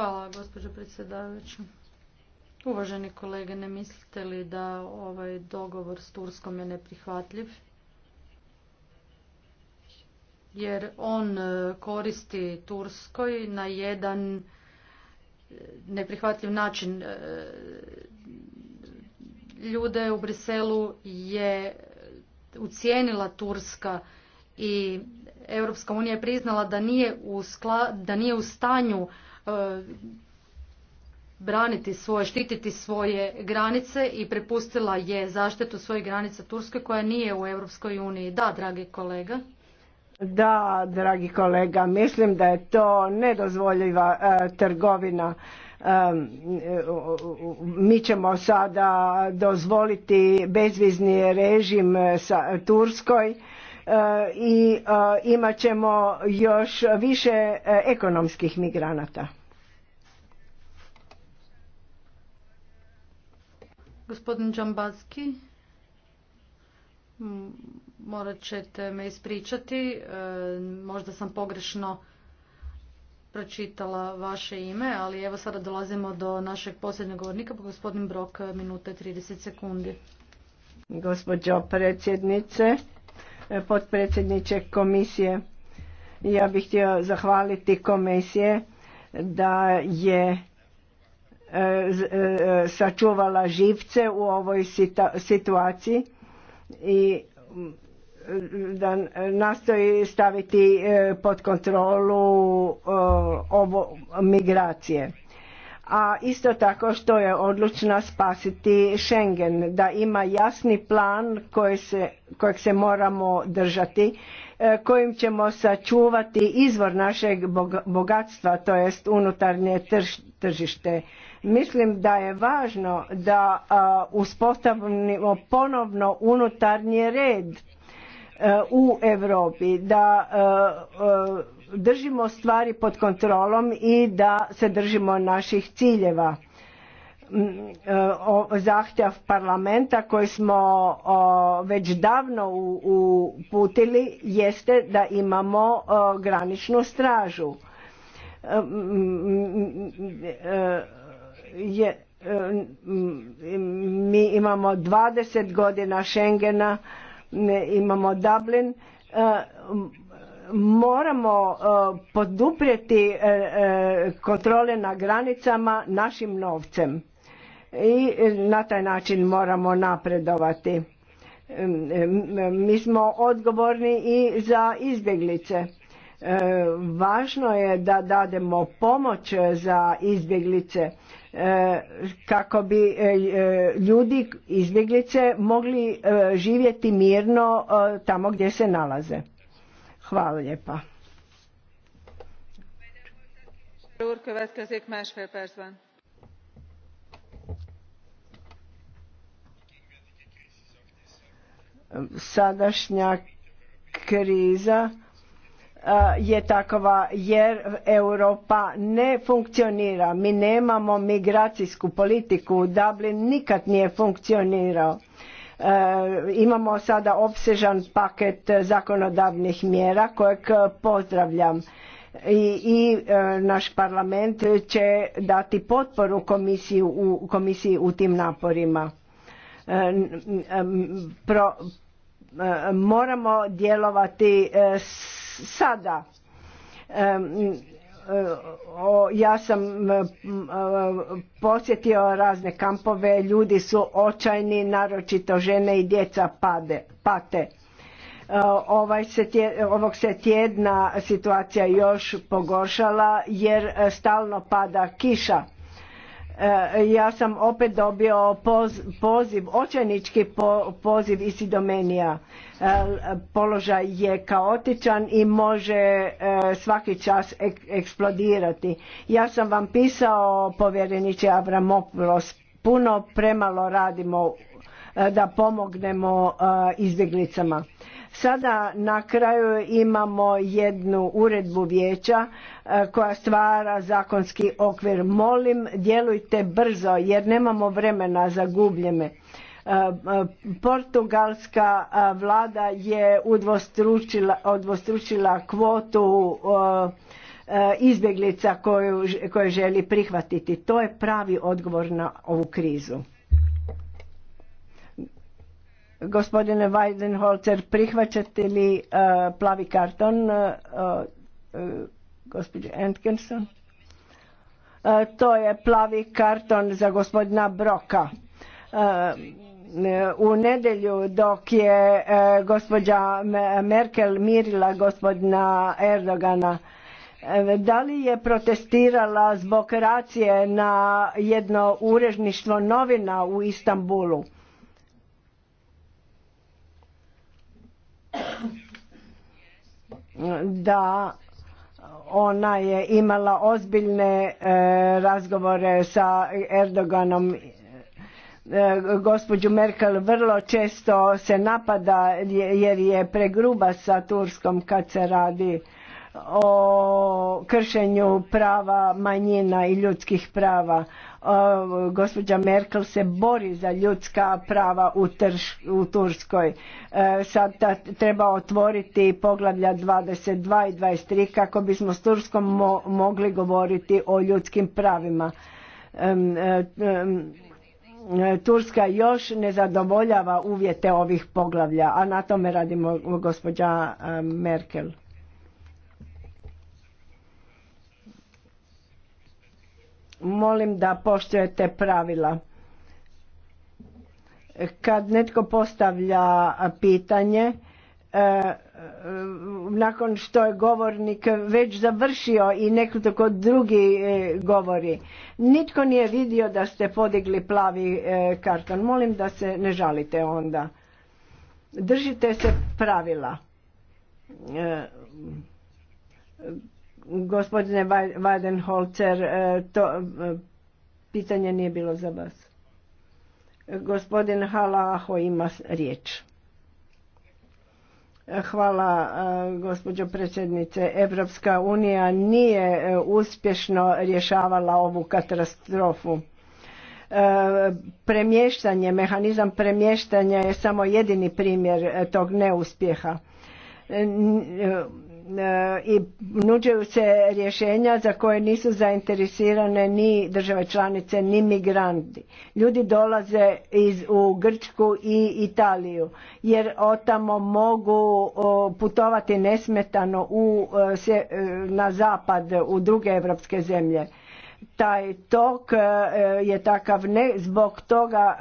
Hvala, gospođo predsjedavajuća. Uvaženi kolege, ne mislite li da ovaj dogovor s Turskom je neprihvatljiv? Jer on e, koristi Turskoj na jedan e, neprihvatljiv način. E, ljude u Briselu je ucijenila Turska i Europska unija je priznala da da nije u stanju E, braniti svoje, štititi svoje granice i prepustila je zaštitu svojih granica Turske koja nije u Europskoj uniji. Da, dragi kolega. Da, dragi kolega, mislim da je to nedozvoljiva e, trgovina. E, mi ćemo sada dozvoliti bezvizni režim sa Turskoj. E, i e, imat ćemo još više e, ekonomskih migranata. Gospodin Džambatski, morat ćete me ispričati, možda sam pogrešno pročitala vaše ime, ali evo sada dolazimo do našeg posljednjeg govornika, gospodin Brok, minute 30 sekundi. Gospodin predsjednice, potpredsjedniče komisije. Ja bih htio zahvaliti komisije da je e, e, sačuvala živce u ovoj situaciji i mm, da nastoji staviti e, pod kontrolu ovo migracije a isto tako što je odlučna spasiti Schengen, da ima jasni plan se, kojeg se moramo držati, e, kojim ćemo sačuvati izvor našeg bogatstva, to jest unutarnje tržište. Mislim da je važno da uspostavimo ponovno unutarnji red e, u Europi, da e, držimo stvari pod kontrolom i da se držimo naših ciljeva mm, e, zahtjev parlamenta koji smo već davno uputili jeste da imamo graničnu stražu. E, e, mi imamo 20 godina Schengena, imamo Dublin, moramo e, poduprijeti e, e, kontrole na granicama našim novcem i na taj način moramo napredovati. Mi smo odgovorni i za izbjeglice. Važno je da dademo pomoć za izbjeglice kako bi ljudi izbjeglice mogli živjeti mirno tamo gdje se nalaze. Hvala lijepa. Sadašnja kriza je takova jer Europa ne funkcionira. Mi nemamo migracijsku politiku. Dublin nikad nije funkcionirao E, imamo sada opsežan paket zakonodavnih mjera kojeg pozdravljam. I, e, naš parlament će dati potporu komisiji u, komisiji u tim naporima. E, moramo djelovati sada ja sam posjetio razne kampove, ljudi su očajni, naročito žene i djeca pade, pate. E, ovaj se tje, ovog se tjedna situacija još pogoršala jer e, stalno pada kiša E, ja sam opet dobio poziv, očajnički poziv iz Sidomenija. E, položaj je kaotičan i može e, svaki čas eksplodirati. Ja sam vam pisao, povjereniče Avramopulos, puno premalo radimo da pomognemo izbjeglicama. Sada na kraju imamo jednu uredbu vijeća e, koja stvara zakonski okvir. Molim, djelujte brzo jer nemamo vremena za gubljeme. E, e, portugalska vlada je udvostručila, kvotu izbjeglica koju, koje želi prihvatiti. To je pravi odgovor na ovu krizu. Gospodine Weidenholzer, prihvaćate li e, plavi karton e, e, gospođe To je plavi karton za gospodina Broka. U nedjelju dok je gospođa Merkel mirila gospodina Erdogana, da li je protestirala zbog racije na jedno urežništvo novina u Istanbulu? da ona je imala ozbiljne e, razgovore sa Erdoganom e, gospođu Merkel vrlo često se napada jer je pregruba sa Turskom kad se radi o kršenju prava manjina i ljudskih prava gospođa Merkel se bori za ljudska prava u, Trš, u Turskoj. E, sad treba otvoriti poglavlja 22 i 23 kako bismo s Turskom mo mogli govoriti o ljudskim pravima. E, e, Turska još ne zadovoljava uvjete ovih poglavlja, a na tome radimo gospođa Merkel. Molim da poštujete pravila. Kad netko postavlja pitanje, e, e, nakon što je govornik već završio i neko tko drugi e, govori. Nitko nije vidio da ste podigli plavi karton. Molim da se ne žalite onda. Držite se pravila. Gospodine Weidenholzer, e, to e, pitanje nije bilo za vas. Gospodin Halaho ima riječ. Hvala e, gospođo predsjednice. Evropska unija nije uspješno rješavala ovu katastrofu. Premještanje, mehanizam premještanja je samo jedini primjer tog neuspjeha i nuđaju se rješenja za koje nisu zainteresirane ni države članice ni migranti. Ljudi dolaze iz, u Grčku i Italiju jer otamo mogu putovati nesmetano u, e, e, na zapad u druge evropske zemlje. Taj tok e, je takav ne zbog toga,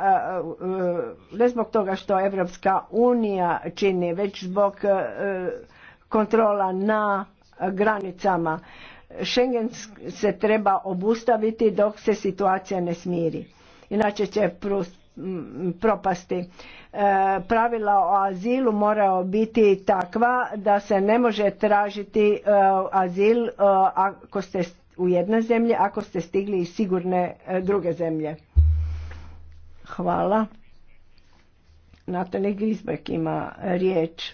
ne zbog toga što Evropska unija čini, već zbog kontrola na granicama. Schengen se treba obustaviti dok se situacija ne smiri. Inače će propasti. E, pravila o azilu moraju biti takva da se ne može tražiti e, azil e, ako ste u jedne zemlje, ako ste stigli iz sigurne druge zemlje. Hvala. Natalie Grisbeck ima riječ.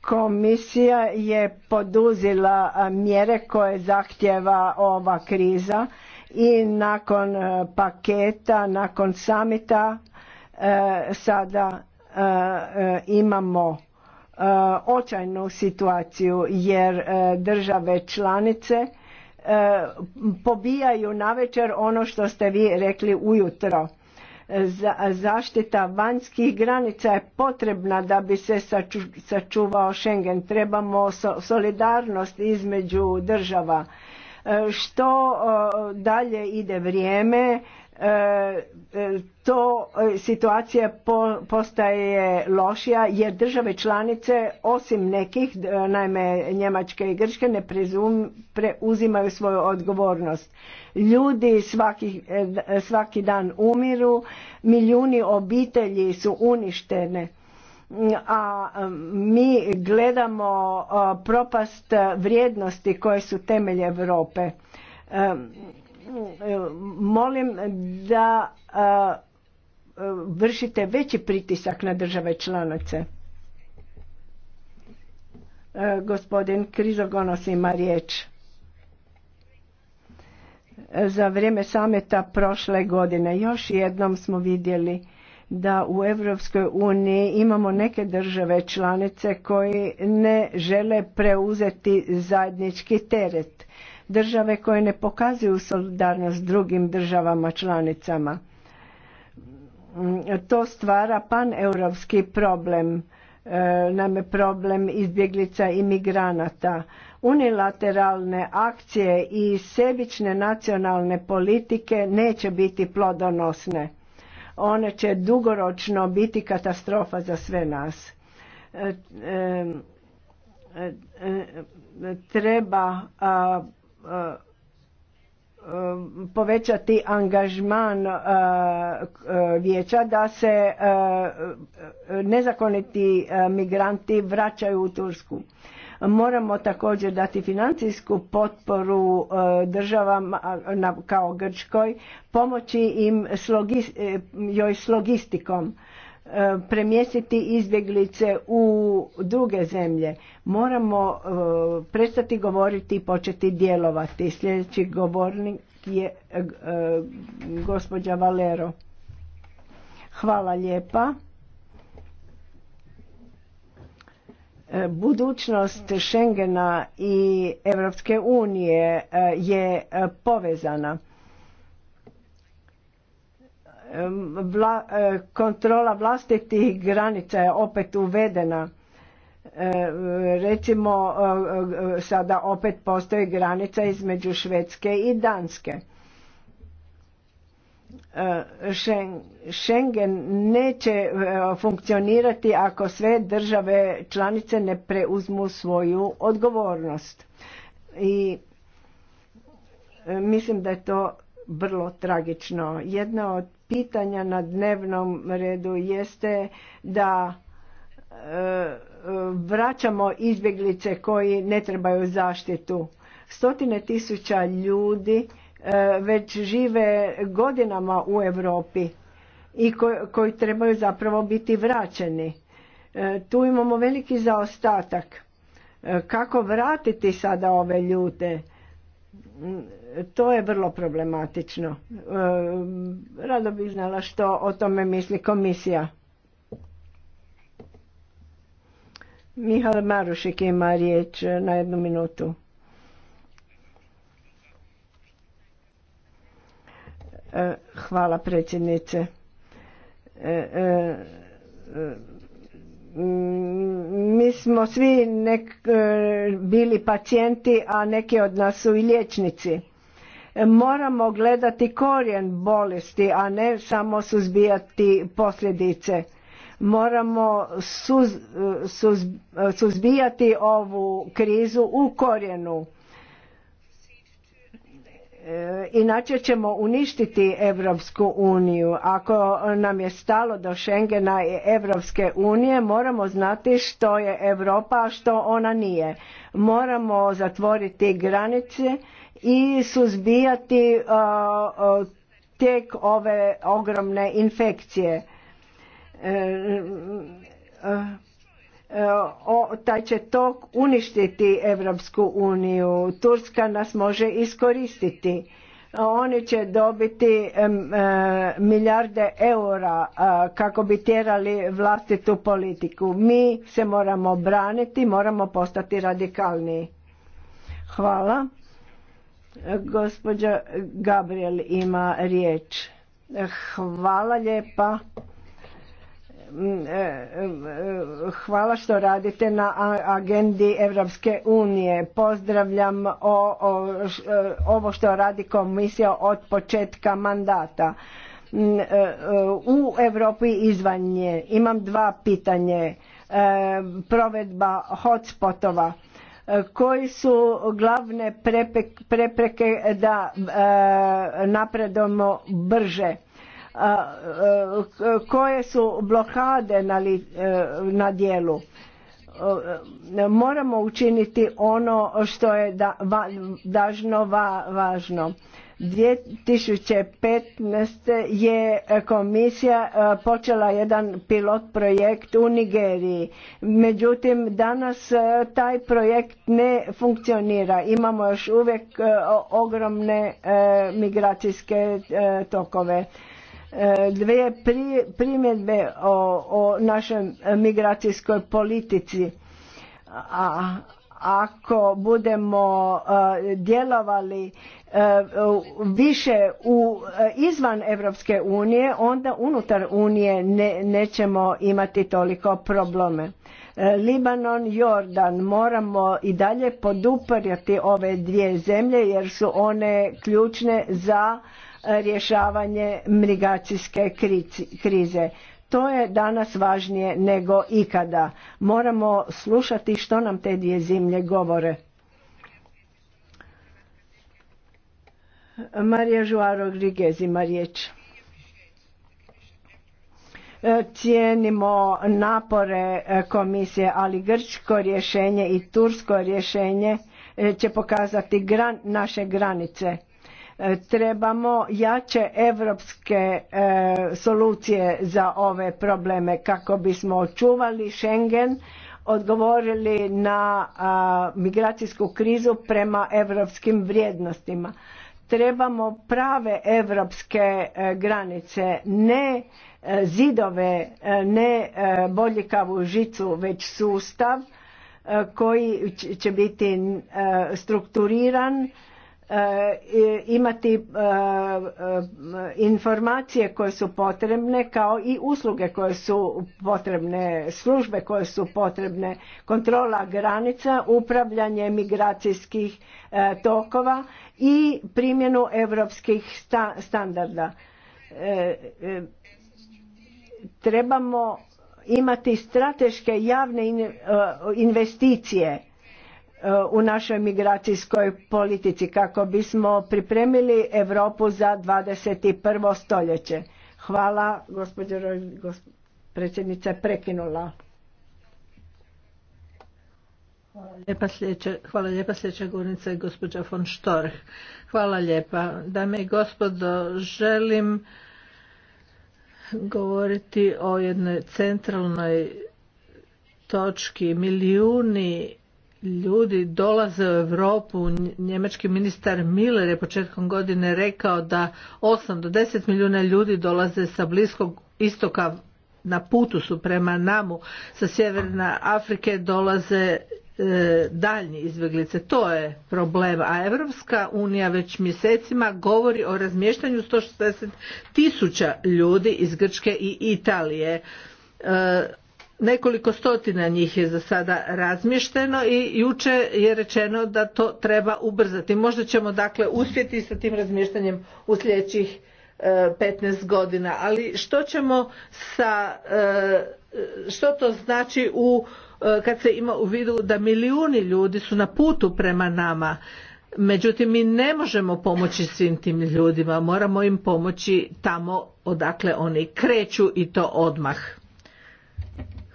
Komisija je poduzila mjere koje zahtjeva ova kriza i nakon e, paketa, nakon samita e, sada e, imamo očajnu situaciju jer države članice pobijaju navečer ono što ste vi rekli ujutro zaštita vanjskih granica je potrebna da bi se sačuvao Schengen. Trebamo solidarnost između država. E, što dalje ide vrijeme, E, e, to e, situacija postaje lošija jer države članice osim nekih, naime Njemačke i Grčke, ne preuzimaju svoju odgovornost. Ljudi svaki, svaki dan umiru, milijuni obitelji su uništene a mi gledamo propast vrijednosti koje su temelje Europe molim da vršite veći pritisak na države članice. Gospodin Krizogonos ima riječ. Za vrijeme sameta prošle godine još jednom smo vidjeli da u Europskoj uniji imamo neke države članice koji ne žele preuzeti zajednički teret države koje ne pokazuju solidarnost drugim državama članicama. Mm, to stvara paneuropski problem, e, naime problem izbjeglica i migranata. Unilateralne akcije i sebične nacionalne politike neće biti plodonosne. One će dugoročno biti katastrofa za sve nas. E, e, treba Eh, eh, povećati angažman eh, vijeća da se nezakoniti migranti vraćaju u Tursku. Moramo također dati financijsku potporu državama kao Grčkoj, pomoći im s joj s logistikom E, premjestiti izbjeglice u druge zemlje. Moramo e, prestati govoriti i početi djelovati. Sljedeći govornik je e, gospođa Valero. Hvala lijepa. Budućnost Schengena i Europske unije je povezana E, kontrola vlastitih granica je opet uvedena. E, recimo e, sada opet postoji granica između Švedske i Danske. Schengen neće funkcionirati ako sve države članice ne preuzmu svoju odgovornost. I mislim da je to vrlo tragično. Jedna od pitanja na dnevnom redu jeste da e, vraćamo izbjeglice koji ne trebaju zaštitu. Stotine tisuća ljudi e, već žive godinama u Europi i koji trebaju zapravo biti vraćeni. E, tu imamo veliki zaostatak. Kako vratiti sada ove ljude? to je vrlo problematično. E, rado bih znala što o tome misli komisija. Mihal Marušik ima riječ na jednu minutu. E, hvala predsjednice. E, Mm, mi smo svi nek, e, bili pacijenti, a neki od nas su i liječnici. E, moramo gledati korijen bolesti, a ne samo suzbijati posljedice. Moramo suz, e, suzbijati ovu krizu u korijenu E, inače ćemo uništiti Europsku uniju. Ako nam je stalo do Schengena i Europske unije, moramo znati što je Europa, a što ona nije. Moramo zatvoriti granice i suzbijati e, e, tek ove ogromne infekcije. E, taj će tok uništiti Evropsku uniju. Turska nas može iskoristiti. Oni će dobiti e, milijarde eura e, kako bi tjerali vlastitu politiku. Mi se moramo braniti, moramo postati radikalni. Hvala. Gospođa Gabriel ima riječ. Hvala lijepa. E, e, hvala što radite na agendi Evropske unije. Pozdravljam e, ovo što radi komisija od početka mandata u Europi izvanje Imam dva pitanje. Provedba hotspotova. Koji su glavne prepreke da napredamo brže? koje su blokade na, li, e, na dijelu. E, moramo učiniti ono što je da, dažno va, važno. 2015. je komisija e, počela jedan pilot projekt u Nigeriji. Međutim, danas taj projekt ne funkcionira. Imamo još uvijek ogromne migracijske tokove dvije primjedbe o, o našoj migracijskoj politici. A ako budemo e, djelovali e, više u, e, izvan Europske unije, onda unutar unije ne, nećemo imati toliko probleme. Libanon, Jordan, moramo i dalje podupirati ove dvije zemlje jer su one ključne za rješavanje migracijske krize. To je danas važnije nego ikada. Moramo slušati što nam te dvije zimlje govore. Marija Žuaro ima riječ. E, cijenimo napore e, komisije, ali grčko rješenje i tursko rješenje e, će pokazati gran, naše granice E, trebamo jače evropske e, solucije za ove probleme kako bismo očuvali Schengen, odgovorili na migracijsku krizu prema evropskim vrijednostima. Trebamo prave evropske e, granice, ne zidove, ne boljikavu žicu, već sustav koji će biti strukturiran E, imati e, e, informacije koje su potrebne kao i usluge koje su potrebne, službe koje su potrebne, kontrola granica, upravljanje migracijskih tokova i primjenu europskih standarda. Trebamo imati strateške javne investicije E, u našoj migracijskoj politici kako bismo pripremili Europu za 21. stoljeće. Hvala, gospođo predsjednica je prekinula. Hvala lijepa sljedeća, hvala gurnica je gospođa von Storch. Hvala lijepa. Dame i gospodo, želim govoriti o jednoj centralnoj točki. Milijuni ljudi dolaze u Europu. Njemački ministar Miller je početkom godine rekao da 8 do 10 milijuna ljudi dolaze sa bliskog istoka na putu su prema namu sa sjeverna Afrike dolaze e, daljnji izbjeglice. To je problem. A Evropska unija već mjesecima govori o razmještanju 160 tisuća ljudi iz Grčke i Italije. E, Nekoliko stotina njih je za sada razmješteno i juče je rečeno da to treba ubrzati. Možda ćemo dakle uspjeti sa tim razmještanjem u sljedećih 15 e, godina, ali što ćemo sa, e, što to znači u, e, kad se ima u vidu da milijuni ljudi su na putu prema nama, međutim mi ne možemo pomoći svim tim ljudima, moramo im pomoći tamo odakle oni kreću i to odmah.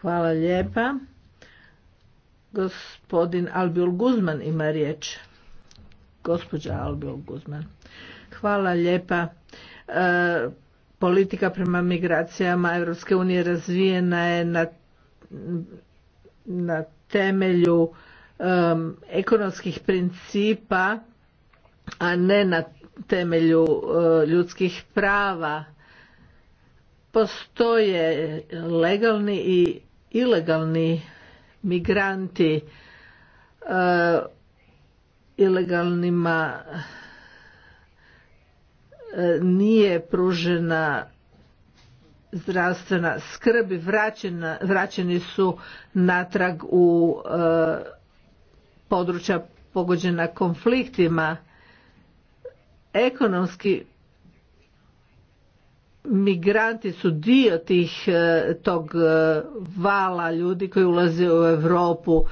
Hvala lijepa. Gospodin Albiol Guzman ima riječ. Gospođa Albiol Guzman. Hvala lijepa. E, politika prema migracijama Europske unije razvijena je na, na temelju ekonomskih principa, a ne na temelju e, ljudskih prava. Postoje legalni i ilegalni migranti e, ilegalnima e, nije pružena zdravstvena skrb i vraćeni su natrag u e, područja pogođena konfliktima ekonomski migranti su dio tih e, tog e, vala ljudi koji ulaze u Europu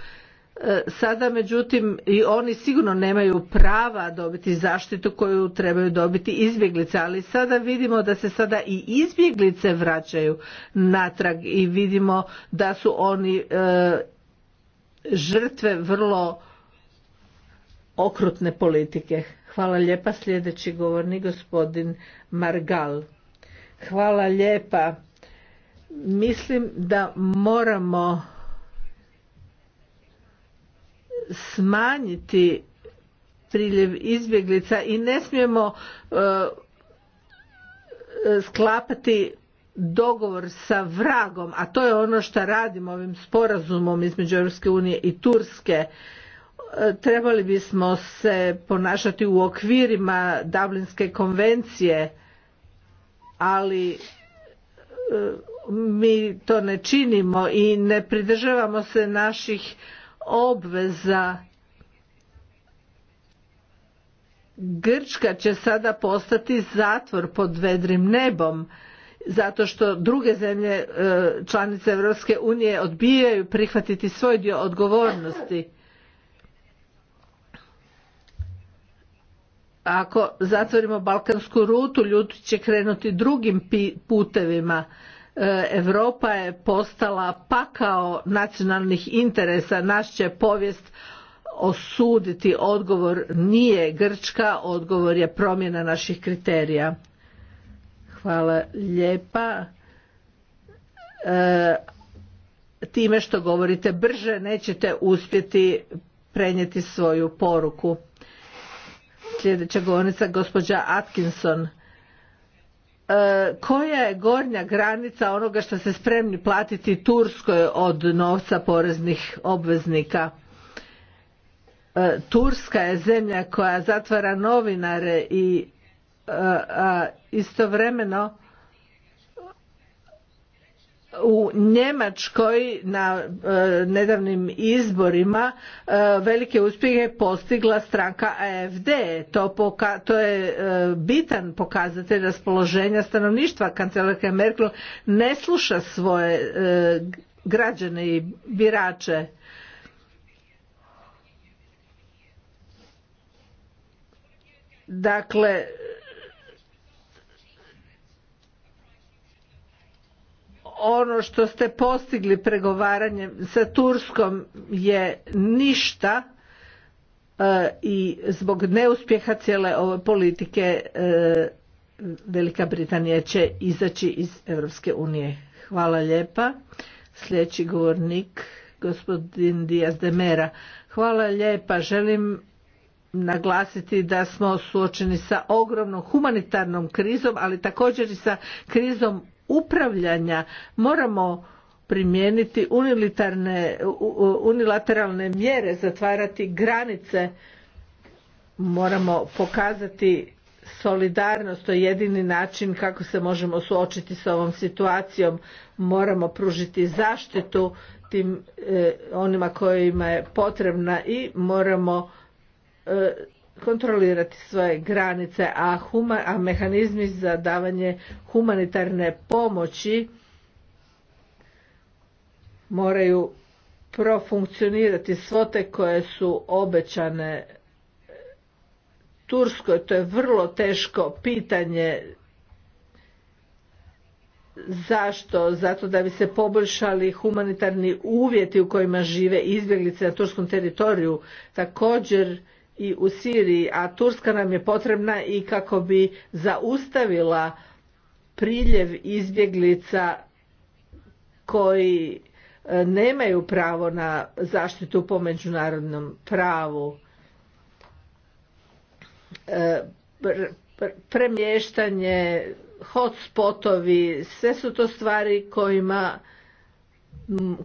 e, sada međutim i oni sigurno nemaju prava dobiti zaštitu koju trebaju dobiti izbjeglice ali sada vidimo da se sada i izbjeglice vraćaju natrag i vidimo da su oni žrtve vrlo okrutne politike hvala lijepa sljedeći govornik gospodin Margal Hvala lijepa. Mislim da moramo smanjiti priljev izbjeglica i ne smijemo e, sklapati dogovor sa vragom, a to je ono što radimo ovim sporazumom između Europske unije i Turske. E, trebali bismo se ponašati u okvirima Dublinske konvencije ali e, mi to ne činimo i ne pridržavamo se naših obveza Grčka će sada postati zatvor pod vedrim nebom zato što druge zemlje e, članice Europske unije odbijaju prihvatiti svoj dio odgovornosti ako zatvorimo balkansku rutu ljudi će krenuti drugim putevima europa je postala pakao nacionalnih interesa naš će povijest osuditi odgovor nije grčka odgovor je promjena naših kriterija hvala lijepa e, time što govorite brže nećete uspjeti prenijeti svoju poruku sljedeća govornica gospođa Atkinson e, koja je gornja granica onoga što se spremni platiti Turskoj od novca poreznih obveznika? E, Turska je zemlja koja zatvara novinare i e, istovremeno u Njemačkoj na e, nedavnim izborima e, velike uspjehe postigla stranka AFD. To, to je e, bitan pokazatelj raspoloženja stanovništva. Kancelarka Merkel ne sluša svoje građane i birače. Dakle, ono što ste postigli pregovaranjem sa Turskom je ništa e, i zbog neuspjeha cijele ove politike e, Velika Britanija će izaći iz Europske unije. Hvala lijepa. Sljedeći govornik, gospodin Diaz de Mera. Hvala lijepa. Želim naglasiti da smo suočeni sa ogromnom humanitarnom krizom, ali također i sa krizom upravljanja moramo primijeniti unilateralne mjere, zatvarati granice, moramo pokazati solidarnost, to je jedini način kako se možemo suočiti s ovom situacijom, moramo pružiti zaštitu tim e, onima kojima je potrebna i moramo e, kontrolirati svoje granice, a, a mehanizmi za davanje humanitarne pomoći moraju profunkcionirati svote koje su obećane Turskoj. To je vrlo teško pitanje Zašto? Zato da bi se poboljšali humanitarni uvjeti u kojima žive izbjeglice na turskom teritoriju. Također i u Siriji, a Turska nam je potrebna i kako bi zaustavila priljev izbjeglica koji e, nemaju pravo na zaštitu po međunarodnom pravu. E, premještanje, hotspotovi, sve su to stvari kojima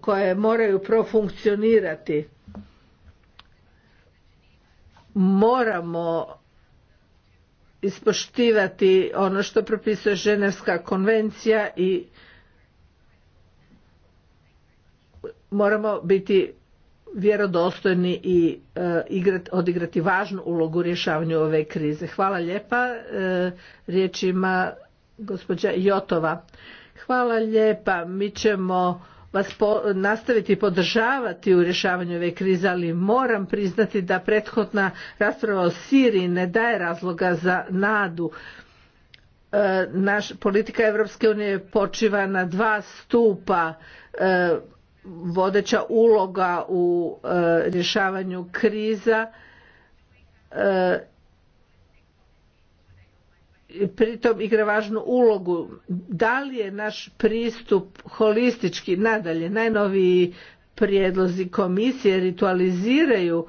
koje moraju profunkcionirati moramo ispoštivati ono što propisuje Ženevska konvencija i moramo biti vjerodostojni i e, odigrati važnu ulogu u rješavanju ove krize. Hvala lijepa. E, riječima gospođa Jotova. Hvala lijepa. Mi ćemo vas nastaviti podržavati u rješavanju ove krize, ali moram priznati da prethodna rasprava o Siriji ne daje razloga za nadu. E, politika Europske unije počiva na dva stupa e, vodeća uloga u e, rješavanju kriza pritom igra važnu ulogu. Da li je naš pristup holistički nadalje? Najnoviji prijedlozi komisije ritualiziraju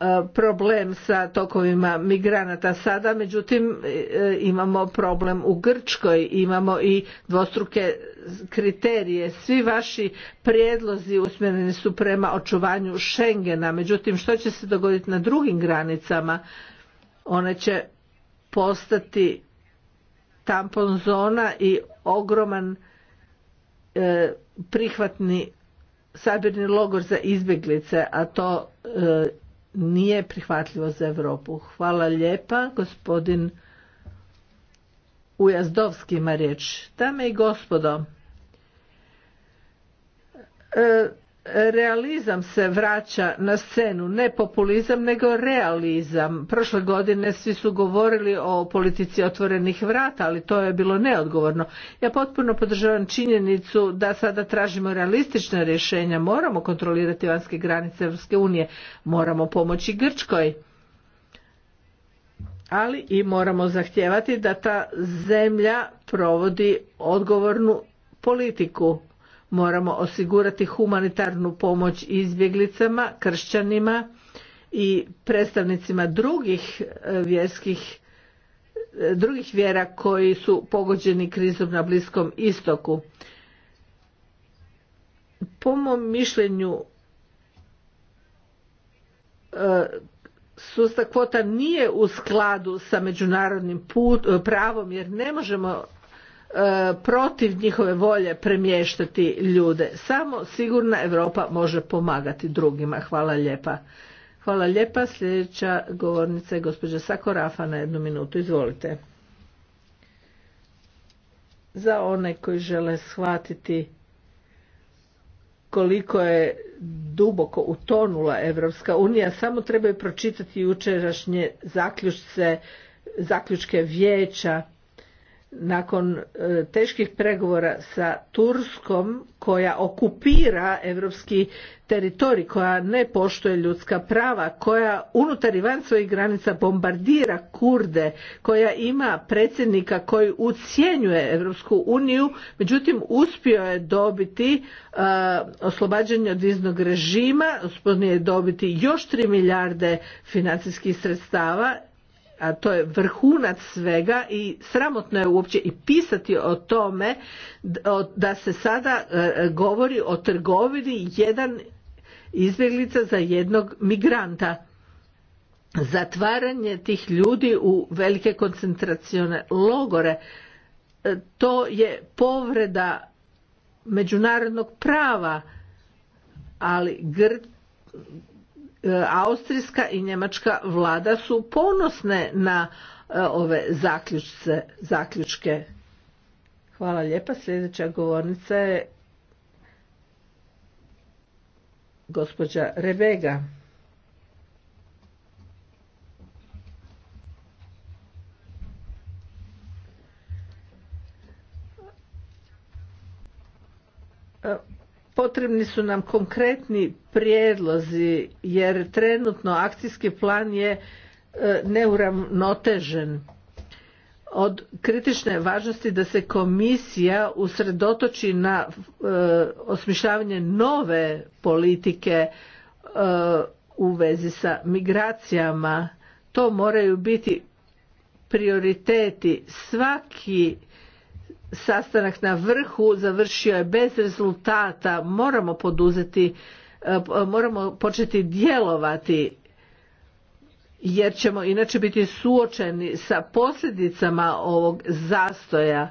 e, problem sa tokovima migranata sada, međutim e, imamo problem u Grčkoj, imamo i dvostruke kriterije. Svi vaši prijedlozi usmjereni su prema očuvanju Schengena, međutim što će se dogoditi na drugim granicama? One će postati tampon zona i ogroman e, prihvatni sabirni logor za izbjeglice, a to e, nije prihvatljivo za Europu. Hvala lijepa, gospodin Ujazdovski ima riječ. Dame i gospodo, e, realizam se vraća na scenu, ne populizam nego realizam. Prošle godine svi su govorili o politici otvorenih vrata, ali to je bilo neodgovorno. Ja potpuno podržavam činjenicu da sada tražimo realistična rješenja, moramo kontrolirati vanjske granice Europske unije, moramo pomoći Grčkoj. Ali i moramo zahtijevati da ta zemlja provodi odgovornu politiku moramo osigurati humanitarnu pomoć izbjeglicama, kršćanima i predstavnicima drugih e, vjerskih e, drugih vjera koji su pogođeni krizom na Bliskom istoku. Po mom mišljenju e, sustav kvota nije u skladu sa međunarodnim pravom jer ne možemo E, protiv njihove volje premještati ljude. Samo sigurna Europa može pomagati drugima. Hvala lijepa. Hvala lijepa. Sljedeća govornica je gospođa Sakorafa na jednu minutu. Izvolite. Za one koji žele shvatiti koliko je duboko utonula Evropska unija, samo trebaju pročitati jučerašnje zaključce, zaključke vijeća nakon e, teških pregovora sa Turskom koja okupira europski teritorij, koja ne poštuje ljudska prava, koja unutar i van svojih granica bombardira Kurde, koja ima predsjednika koji ucjenjuje Europsku uniju, međutim uspio je dobiti e, oslobađanje od iznog režima, uspio je dobiti još 3 milijarde financijskih sredstava a to je vrhunac svega i sramotno je uopće i pisati o tome da se sada e, e, govori o trgovini jedan izbjeglica za jednog migranta zatvaranje tih ljudi u velike koncentracione logore e, to je povreda međunarodnog prava ali Gr E, austrijska i njemačka vlada su ponosne na e, ove zaključce, zaključke. Hvala lijepa. Sljedeća govornica je gospođa Rebega. E, potrebni su nam konkretni prijedlozi jer trenutno akcijski plan je e, neuravnotežen od kritične važnosti da se komisija usredotoči na e, osmišljavanje nove politike e, u vezi sa migracijama to moraju biti prioriteti svaki sastanak na vrhu završio je bez rezultata moramo poduzeti e, e, moramo početi djelovati jer ćemo inače biti suočeni sa posljedicama ovog zastoja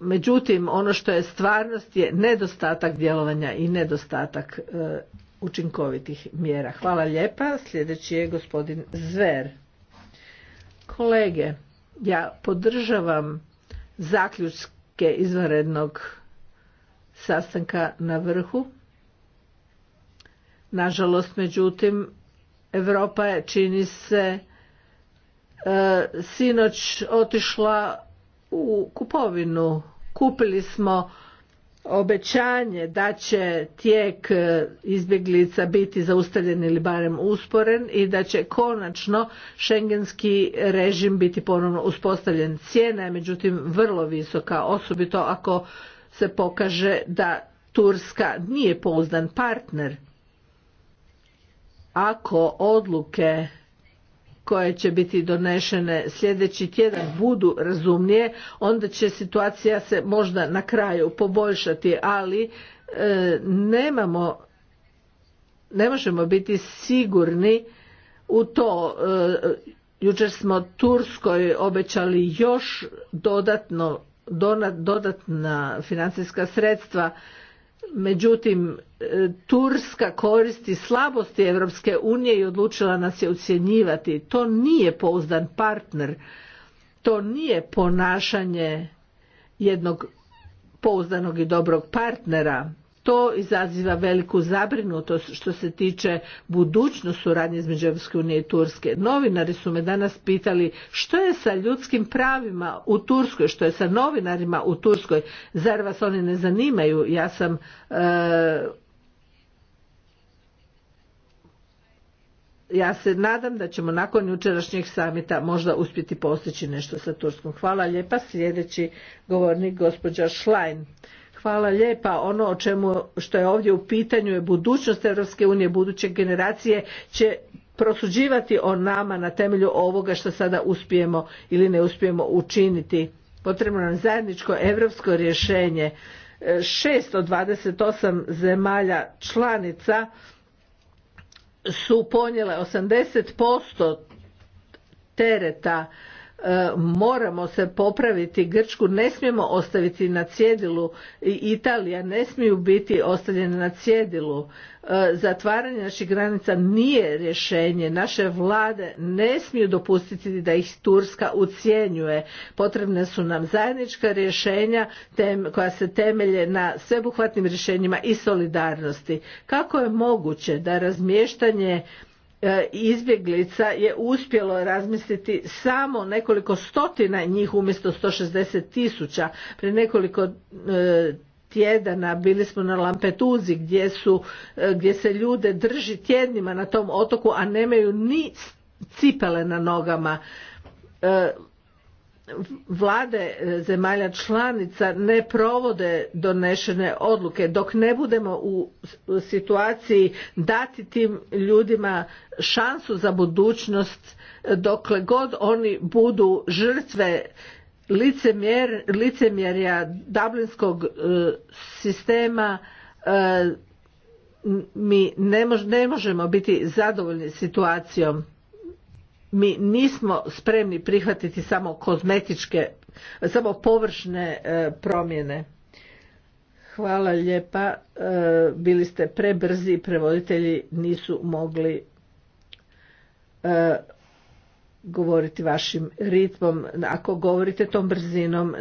međutim ono što je stvarnost je nedostatak djelovanja i nedostatak e, učinkovitih mjera hvala lijepa sljedeći je gospodin Zver kolege ja podržavam zaključke izvanrednog sastanka na vrhu. Nažalost, međutim, Europa je čini se e, sinoć otišla u kupovinu. Kupili smo obećanje da će tijek e, izbjeglica biti zaustavljen ili barem usporen i da će konačno šengenski režim biti ponovno uspostavljen. Cijena je međutim vrlo visoka, osobito ako se pokaže da Turska nije pouzdan partner. Ako odluke koje će biti donešene sljedeći tjedan budu razumnije, onda će situacija se možda na kraju poboljšati, ali e, nemamo, ne možemo biti sigurni u to. E, jučer smo Turskoj obećali još dodatno, dodatna financijska sredstva Međutim, e, Turska koristi slabosti Europske unije i odlučila nas je ucjenjivati. To nije pouzdan partner. To nije ponašanje jednog pouzdanog i dobrog partnera to izaziva veliku zabrinutost što se tiče budućnost suradnje između Europske unije i Turske. Novinari su me danas pitali što je sa ljudskim pravima u Turskoj, što je sa novinarima u Turskoj, zar vas oni ne zanimaju? Ja sam e, ja se nadam da ćemo nakon jučerašnjeg samita možda uspjeti postići nešto sa Turskom. Hvala lijepa. Sljedeći govornik gospođa Šlajn. Hvala lijepa. Ono o čemu što je ovdje u pitanju je budućnost Europske unije, buduće generacije će prosuđivati o nama na temelju ovoga što sada uspijemo ili ne uspijemo učiniti. Potrebno nam zajedničko europsko rješenje. Šesto od 28 zemalja članica su ponijele 80% tereta E, moramo se popraviti Grčku, ne smijemo ostaviti na cjedilu i Italija ne smiju biti ostavljene na cjedilu. E, zatvaranje naših granica nije rješenje. Naše vlade ne smiju dopustiti da ih Turska ucjenjuje. Potrebne su nam zajednička rješenja koja se temelje na sveobuhvatnim rješenjima i solidarnosti. Kako je moguće da razmještanje E, izbjeglica je uspjelo razmisliti samo nekoliko stotina njih umjesto 160 tisuća. Prije nekoliko e, tjedana bili smo na Lampetuzi gdje, su, e, gdje se ljude drži tjednima na tom otoku, a nemaju ni cipele na nogama vlade e, zemalja članica ne provode donešene odluke dok ne budemo u situaciji dati tim ljudima šansu za budućnost e, dokle god oni budu žrtve licemjerja dublinskog e, sistema mi ne možemo biti zadovoljni situacijom mi nismo spremni prihvatiti samo kozmetičke, samo površne e, promjene. Hvala lijepa, e, bili ste prebrzi, prevoditelji nisu mogli e, govoriti vašim ritmom. Ako govorite tom brzinom,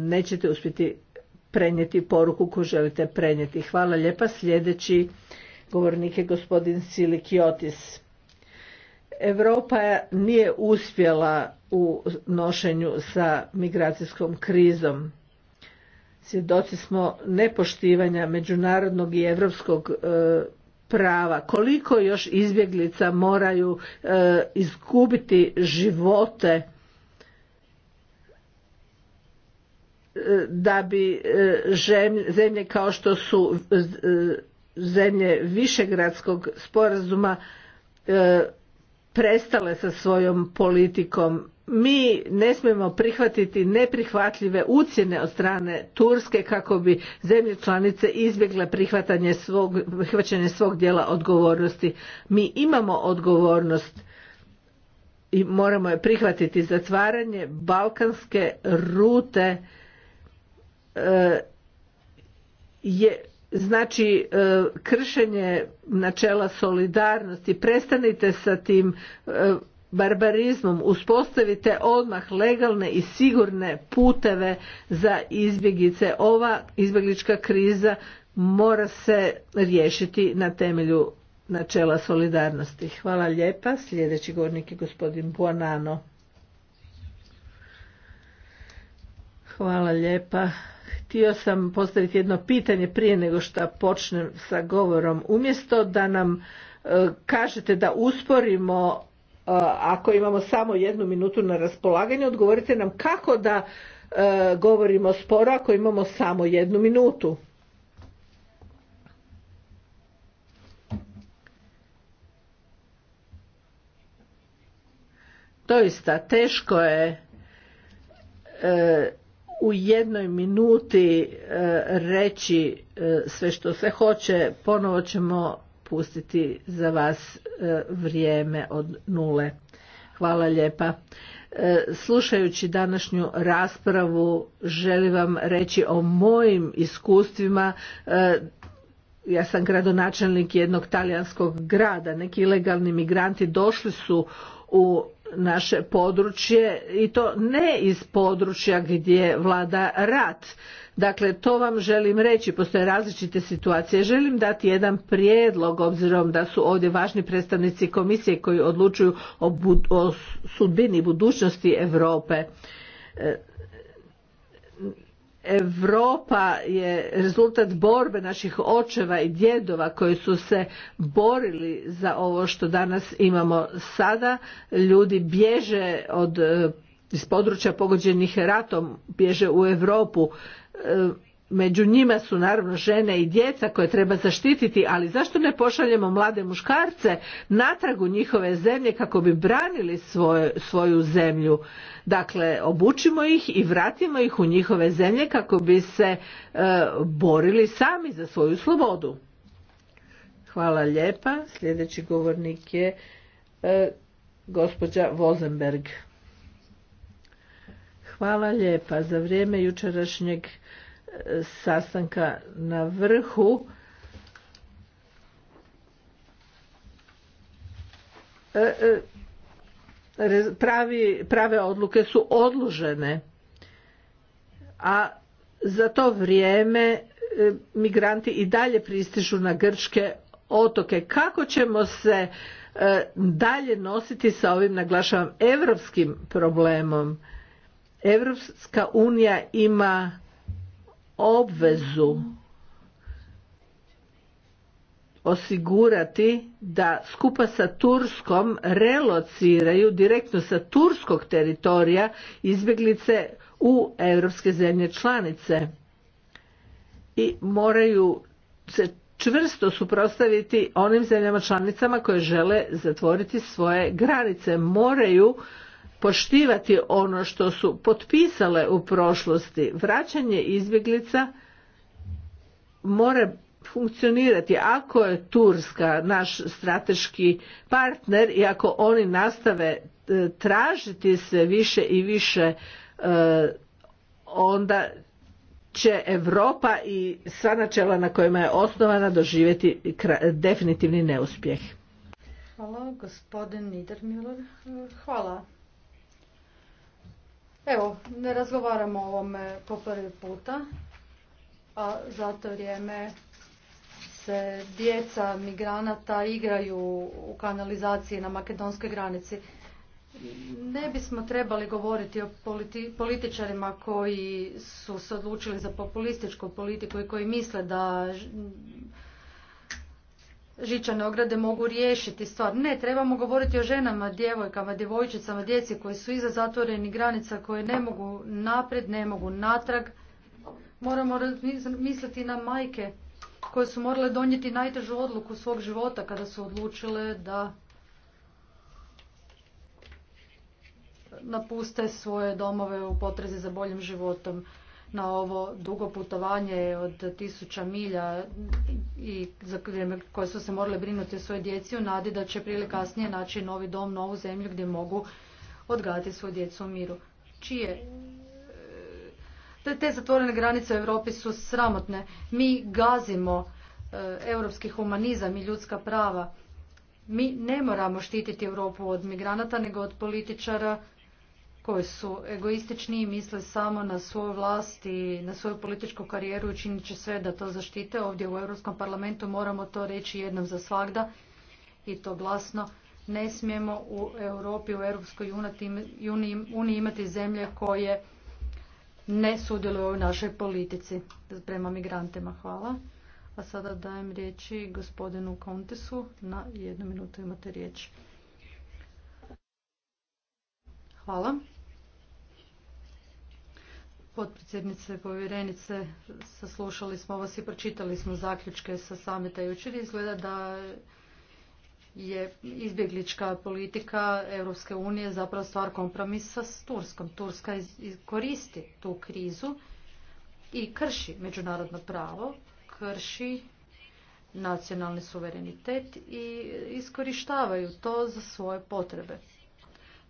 nećete uspjeti prenijeti poruku koju želite prenijeti. Hvala lijepa, sljedeći govornik je gospodin Silikiotis. Europa nije uspjela u nošenju sa migracijskom krizom. Svjedoci smo nepoštivanja međunarodnog i europskog e, prava. Koliko još izbjeglica moraju e, izgubiti živote e, da bi zemlje kao što su zemlje višegradskog sporazuma prestale sa svojom politikom mi ne smijemo prihvatiti neprihvatljive ucjene od strane Turske kako bi zemlje članice izbjegle prihvaćanje svog dijela odgovornosti. Mi imamo odgovornost i moramo je prihvatiti zatvaranje balkanske rute e, je znači e, kršenje načela solidarnosti prestanite sa tim e, barbarizmom uspostavite odmah legalne i sigurne puteve za izbjegice. ova izbjeglička kriza mora se riješiti na temelju načela solidarnosti hvala lijepa sljedeći govornik je gospodin Buonano hvala lijepa htio sam postaviti jedno pitanje prije nego što počnem sa govorom. Umjesto da nam e, kažete da usporimo e, ako imamo samo jednu minutu na raspolaganje, odgovorite nam kako da e, govorimo sporo ako imamo samo jednu minutu. Doista, teško je u jednoj minuti e, reći e, sve što se hoće, ponovo ćemo pustiti za vas e, vrijeme od nule. Hvala lijepa. Slušajući današnju raspravu želim vam reći o mojim iskustvima ja sam gradonačelnik jednog talijanskog grada, neki ilegalni migranti došli su u naše područje i to ne iz područja gdje vlada rat. Dakle, to vam želim reći, postoje različite situacije. Želim dati jedan prijedlog, obzirom da su ovdje važni predstavnici komisije koji odlučuju o, o sudbini budućnosti Europe. E, Europa je rezultat borbe naših očeva i djedova koji su se borili za ovo što danas imamo sada. Ljudi bježe od eh, iz područja pogođenih ratom bježe u Europu. Eh, među njima su naravno žene i djeca koje treba zaštititi, ali zašto ne pošaljemo mlade muškarce natrag u njihove zemlje kako bi branili svoju zemlju? Dakle, obučimo ih i vratimo ih u njihove zemlje kako bi se e, borili sami za svoju slobodu. Hvala lijepa. Sljedeći govornik je e, gospođa Vozenberg. Hvala lijepa. Za vrijeme jučerašnjeg sastanka na vrhu e, e, pravi, prave odluke su odložene a za to vrijeme e, migranti i dalje pristižu na grčke otoke kako ćemo se dalje nositi sa ovim naglašavam europskim problemom Europska unija ima obvezu osigurati da skupa sa Turskom relociraju direktno sa turskog teritorija izbjeglice u europske zemlje članice i moraju se čvrsto suprotstaviti onim zemljama članicama koje žele zatvoriti svoje granice moraju poštivati ono što su potpisale u prošlosti. Vraćanje izbjeglica mora funkcionirati. Ako je Turska naš strateški partner i ako oni nastave e, tražiti sve više i više e, onda će Europa i sva načela na kojima je osnovana doživjeti definitivni neuspjeh. Hvala, gospodin Hvala. Evo, ne razgovaramo o ovome po prvi puta, a za to vrijeme se djeca migranata igraju u kanalizaciji na makedonskoj granici. Ne bismo trebali govoriti o političarima koji su se odlučili za populističku politiku i koji misle da žičane ograde mogu riješiti stvar. Ne, trebamo govoriti o ženama, djevojkama, djevojčicama, djeci koji su iza zatvorenih granica, koje ne mogu napred, ne mogu natrag. Moramo misliti na majke koje su morale donijeti najtežu odluku svog života kada su odlučile da napuste svoje domove u potrezi za boljim životom na ovo dugo putovanje od tisuća milja i za vrijeme koje su se morale brinuti o svojoj djeci u nadi da će prije kasnije naći novi dom, novu zemlju gdje mogu odgajati svoju djecu u miru. Čije te, te zatvorene granice u Europi su sramotne. Mi gazimo e, europski humanizam i ljudska prava. Mi ne moramo štititi Europu od migranata, nego od političara koji su egoistični i misle samo na svoju vlast i na svoju političku karijeru i činit će sve da to zaštite. Ovdje u Europskom parlamentu moramo to reći jednom za svagda i to glasno. Ne smijemo u Europi, u Europskoj uniji imati zemlje koje ne sudjeluju u našoj politici prema migrantima. Hvala. A sada dajem riječi gospodinu Kontesu. Na jednu minutu imate riječ. Hvala. Potpredsjednice, povjerenice, saslušali smo vas i pročitali smo zaključke sa samita jučer. Izgleda da je izbjeglička politika Europske unije zapravo stvar kompromisa s Turskom. Turska koristi tu krizu i krši međunarodno pravo, krši nacionalni suverenitet i iskorištavaju to za svoje potrebe.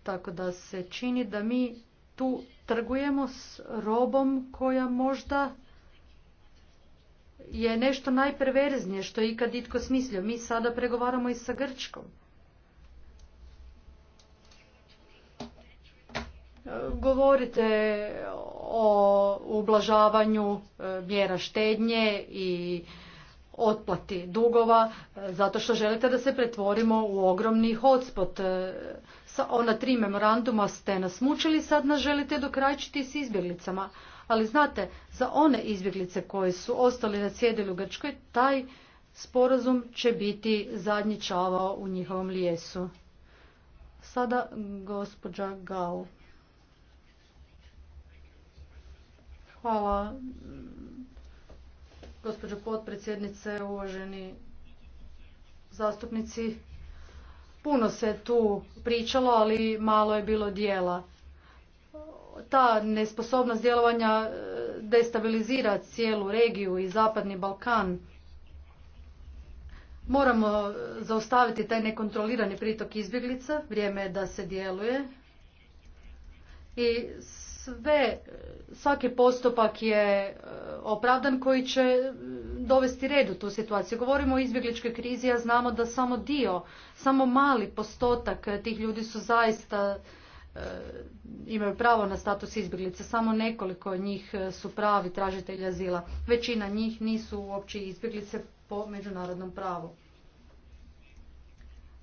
Tako da se čini da mi tu trgujemo s robom koja možda je nešto najperverznije što je ikad itko smislio. Mi sada pregovaramo i sa Grčkom. Govorite o ublažavanju e, mjera štednje i otplati dugova e, zato što želite da se pretvorimo u ogromni hotspot e, sa ona tri memoranduma ste nas mučili, sad nas želite dokrajčiti s izbjeglicama. Ali znate, za one izbjeglice koje su ostali na u Grčkoj, taj sporazum će biti zadnji čavao u njihovom lijesu. Sada gospođa Gao. Hvala. Gospođo potpredsjednice, uvaženi zastupnici, Puno se tu pričalo, ali malo je bilo dijela. Ta nesposobnost djelovanja e, destabilizira cijelu regiju i Zapadni Balkan. Moramo e, zaustaviti taj nekontrolirani pritok izbjeglica, vrijeme je da se djeluje. I sve, e, svaki postupak je opravdan koji će dovesti red u tu situaciju. Govorimo o izbjegličkoj krizi, a znamo da samo dio, samo mali postotak eh, tih ljudi su zaista eh, imaju pravo na status izbjeglice. Samo nekoliko njih eh, su pravi tražitelji azila. Većina njih nisu uopće izbjeglice po međunarodnom pravu.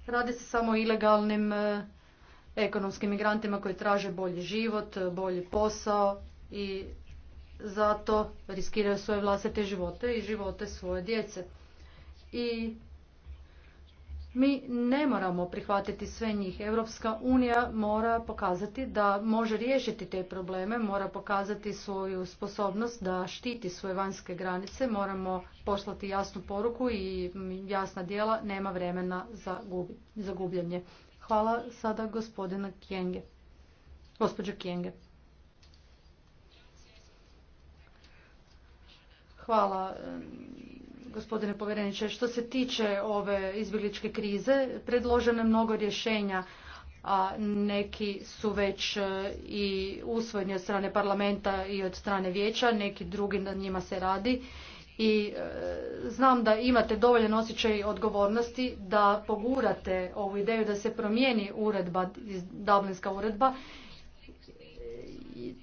Radi se samo o ilegalnim ekonomskim migrantima koji traže bolji život, bolji posao i zato riskiraju svoje vlastite živote i živote svoje djece. I mi ne moramo prihvatiti sve njih. Europska unija mora pokazati da može riješiti te probleme, mora pokazati svoju sposobnost da štiti svoje vanjske granice, moramo poslati jasnu poruku i jasna djela, nema vremena za, gubljenje. Hvala sada gospodina Kjenge. Gospođo Kjenge. Hvala gospodine povjereniče. Što se tiče ove izbjegličke krize, predloženo je mnogo rješenja, a neki su već e, i usvojeni od strane parlamenta i od strane vijeća, neki drugi na njima se radi. I e, znam da imate dovoljan osjećaj odgovornosti da pogurate ovu ideju da se promijeni uredba, Dublinska uredba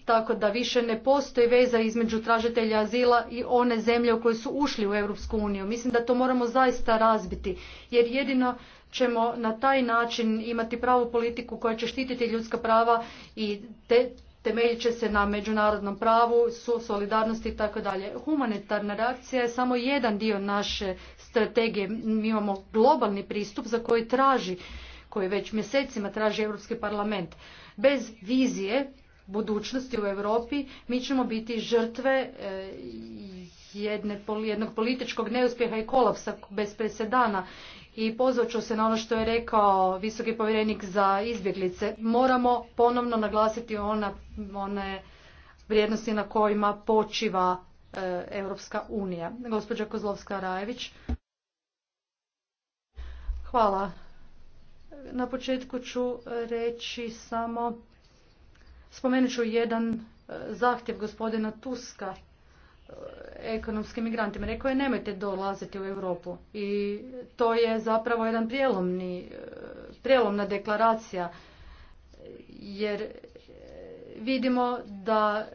tako da više ne postoji veza između tražitelja azila i one zemlje u koje su ušli u Europsku uniju. Mislim da to moramo zaista razbiti, jer jedino ćemo na taj način imati pravu politiku koja će štititi ljudska prava i te, temeljit će se na međunarodnom pravu, su solidarnosti i tako dalje. Humanitarna reakcija je samo jedan dio naše strategije. Mi imamo globalni pristup za koji traži, koji već mjesecima traži Europski parlament. Bez vizije budućnosti u Europi, mi ćemo biti žrtve e, jedne, jednog političkog neuspjeha i kolapsa bez presedana i pozvat ću se na ono što je rekao visoki povjerenik za izbjeglice. Moramo ponovno naglasiti ona, one vrijednosti na kojima počiva e, Europska unija. Gospođa Kozlovska-Rajević. Hvala. Na početku ću reći samo Spomenut ću jedan e, zahtjev gospodina Tuska e, ekonomskim migrantima. Rekao je nemojte dolaziti u Europu. I to je zapravo jedan prijelomni, e, prijelomna deklaracija. Jer vidimo da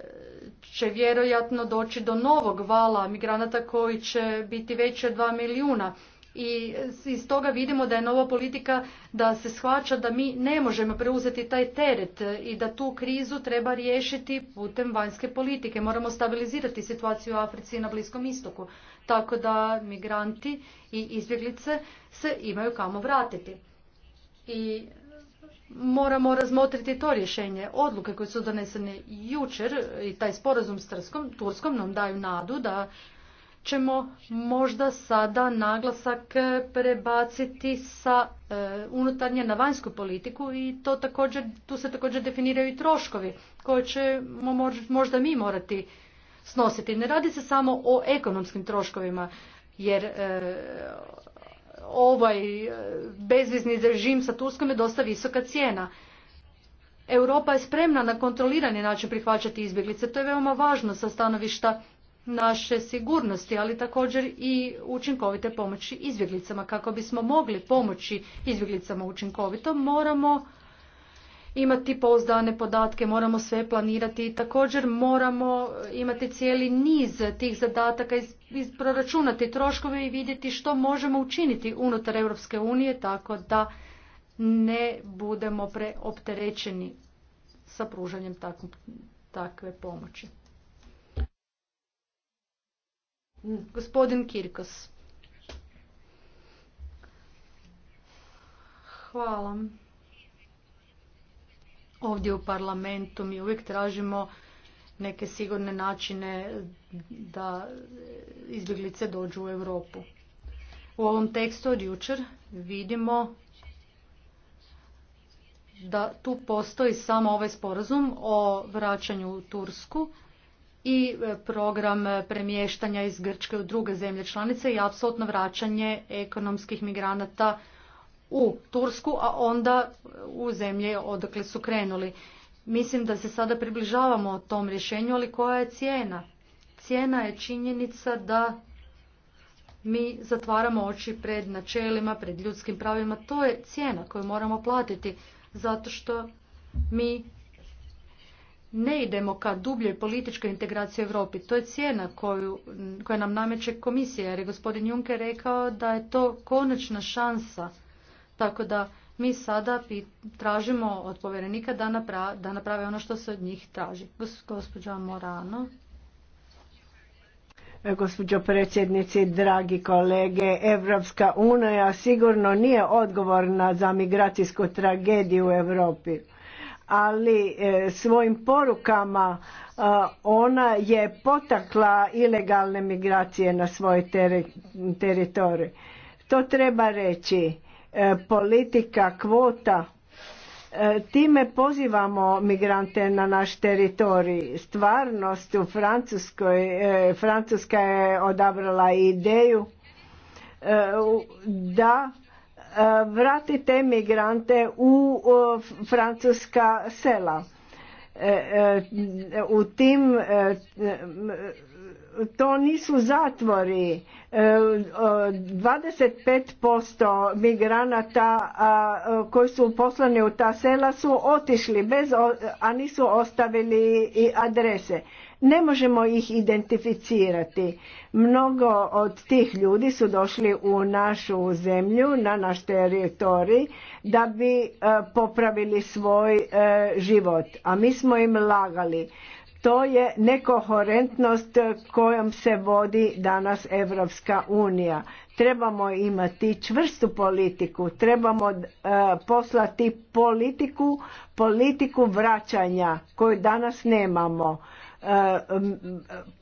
će vjerojatno doći do novog vala migranata koji će biti veći od 2 milijuna i iz toga vidimo da je nova politika da se shvaća da mi ne možemo preuzeti taj teret i da tu krizu treba riješiti putem vanjske politike. Moramo stabilizirati situaciju u Africi i na Bliskom istoku, tako da migranti i izbjeglice se imaju kamo vratiti. I moramo razmotriti to rješenje. Odluke koje su donesene jučer i taj sporazum s Turskom nam daju nadu da ćemo možda sada naglasak e, prebaciti sa e, unutarnje na vanjsku politiku i to također, tu se također definiraju i troškovi koje ćemo možda mi morati snositi. Ne radi se samo o ekonomskim troškovima jer e, ovaj bezvizni režim sa Turskom je dosta visoka cijena. Europa je spremna na kontrolirani način prihvaćati izbjeglice. To je veoma važno sa stanovišta naše sigurnosti, ali također i učinkovite pomoći izbjeglicama. Kako bismo mogli pomoći izbjeglicama učinkovito, moramo imati pouzdane podatke, moramo sve planirati i također moramo imati cijeli niz tih zadataka i proračunati troškove i vidjeti što možemo učiniti unutar Europske unije tako da ne budemo preopterećeni sa pružanjem takve pomoći. Gospodin Kirkos. Hvala. Ovdje u parlamentu mi uvijek tražimo neke sigurne načine da izbjeglice dođu u Europu. U ovom tekstu od jučer vidimo da tu postoji samo ovaj sporazum o vraćanju u Tursku i e, program e, premještanja iz Grčke u druge zemlje članice i apsolutno vraćanje ekonomskih migranata u Tursku, a onda u zemlje odakle su krenuli. Mislim da se sada približavamo tom rješenju, ali koja je cijena? Cijena je činjenica da mi zatvaramo oči pred načelima, pred ljudskim pravima. To je cijena koju moramo platiti, zato što mi ne idemo ka dubljoj političkoj integraciji u Europi. To je cijena koju, koja nam nameće komisija, jer je gospodin Juncker rekao da je to konačna šansa. Tako da mi sada tražimo od povjerenika da, da naprave ono što se od njih traži. Gos Morano. E, gospođo predsjednici, dragi kolege, Evropska unija sigurno nije odgovorna za migracijsku tragediju u Europi ali e, svojim porukama e, ona je potakla ilegalne migracije na svoj teritorij. To treba reći. E, politika kvota Time pozivamo migrante na naš teritorij. Stvarnost u Francuskoj, Francuska je odabrala ideju da E, te migrante u e, francuska sela. E, u tim to nisu zatvori. 25% migranata koji su poslani u ta sela su otišli bez, a nisu ostavili i adrese. Ne možemo ih identificirati. Mnogo od tih ljudi su došli u našu zemlju, na naš teritorij, da bi e, popravili svoj e, život. A mi smo im lagali. To je nekohorentnost kojom se vodi danas Evropska unija. Trebamo imati čvrstu politiku, trebamo e, poslati politiku, politiku vraćanja koju danas nemamo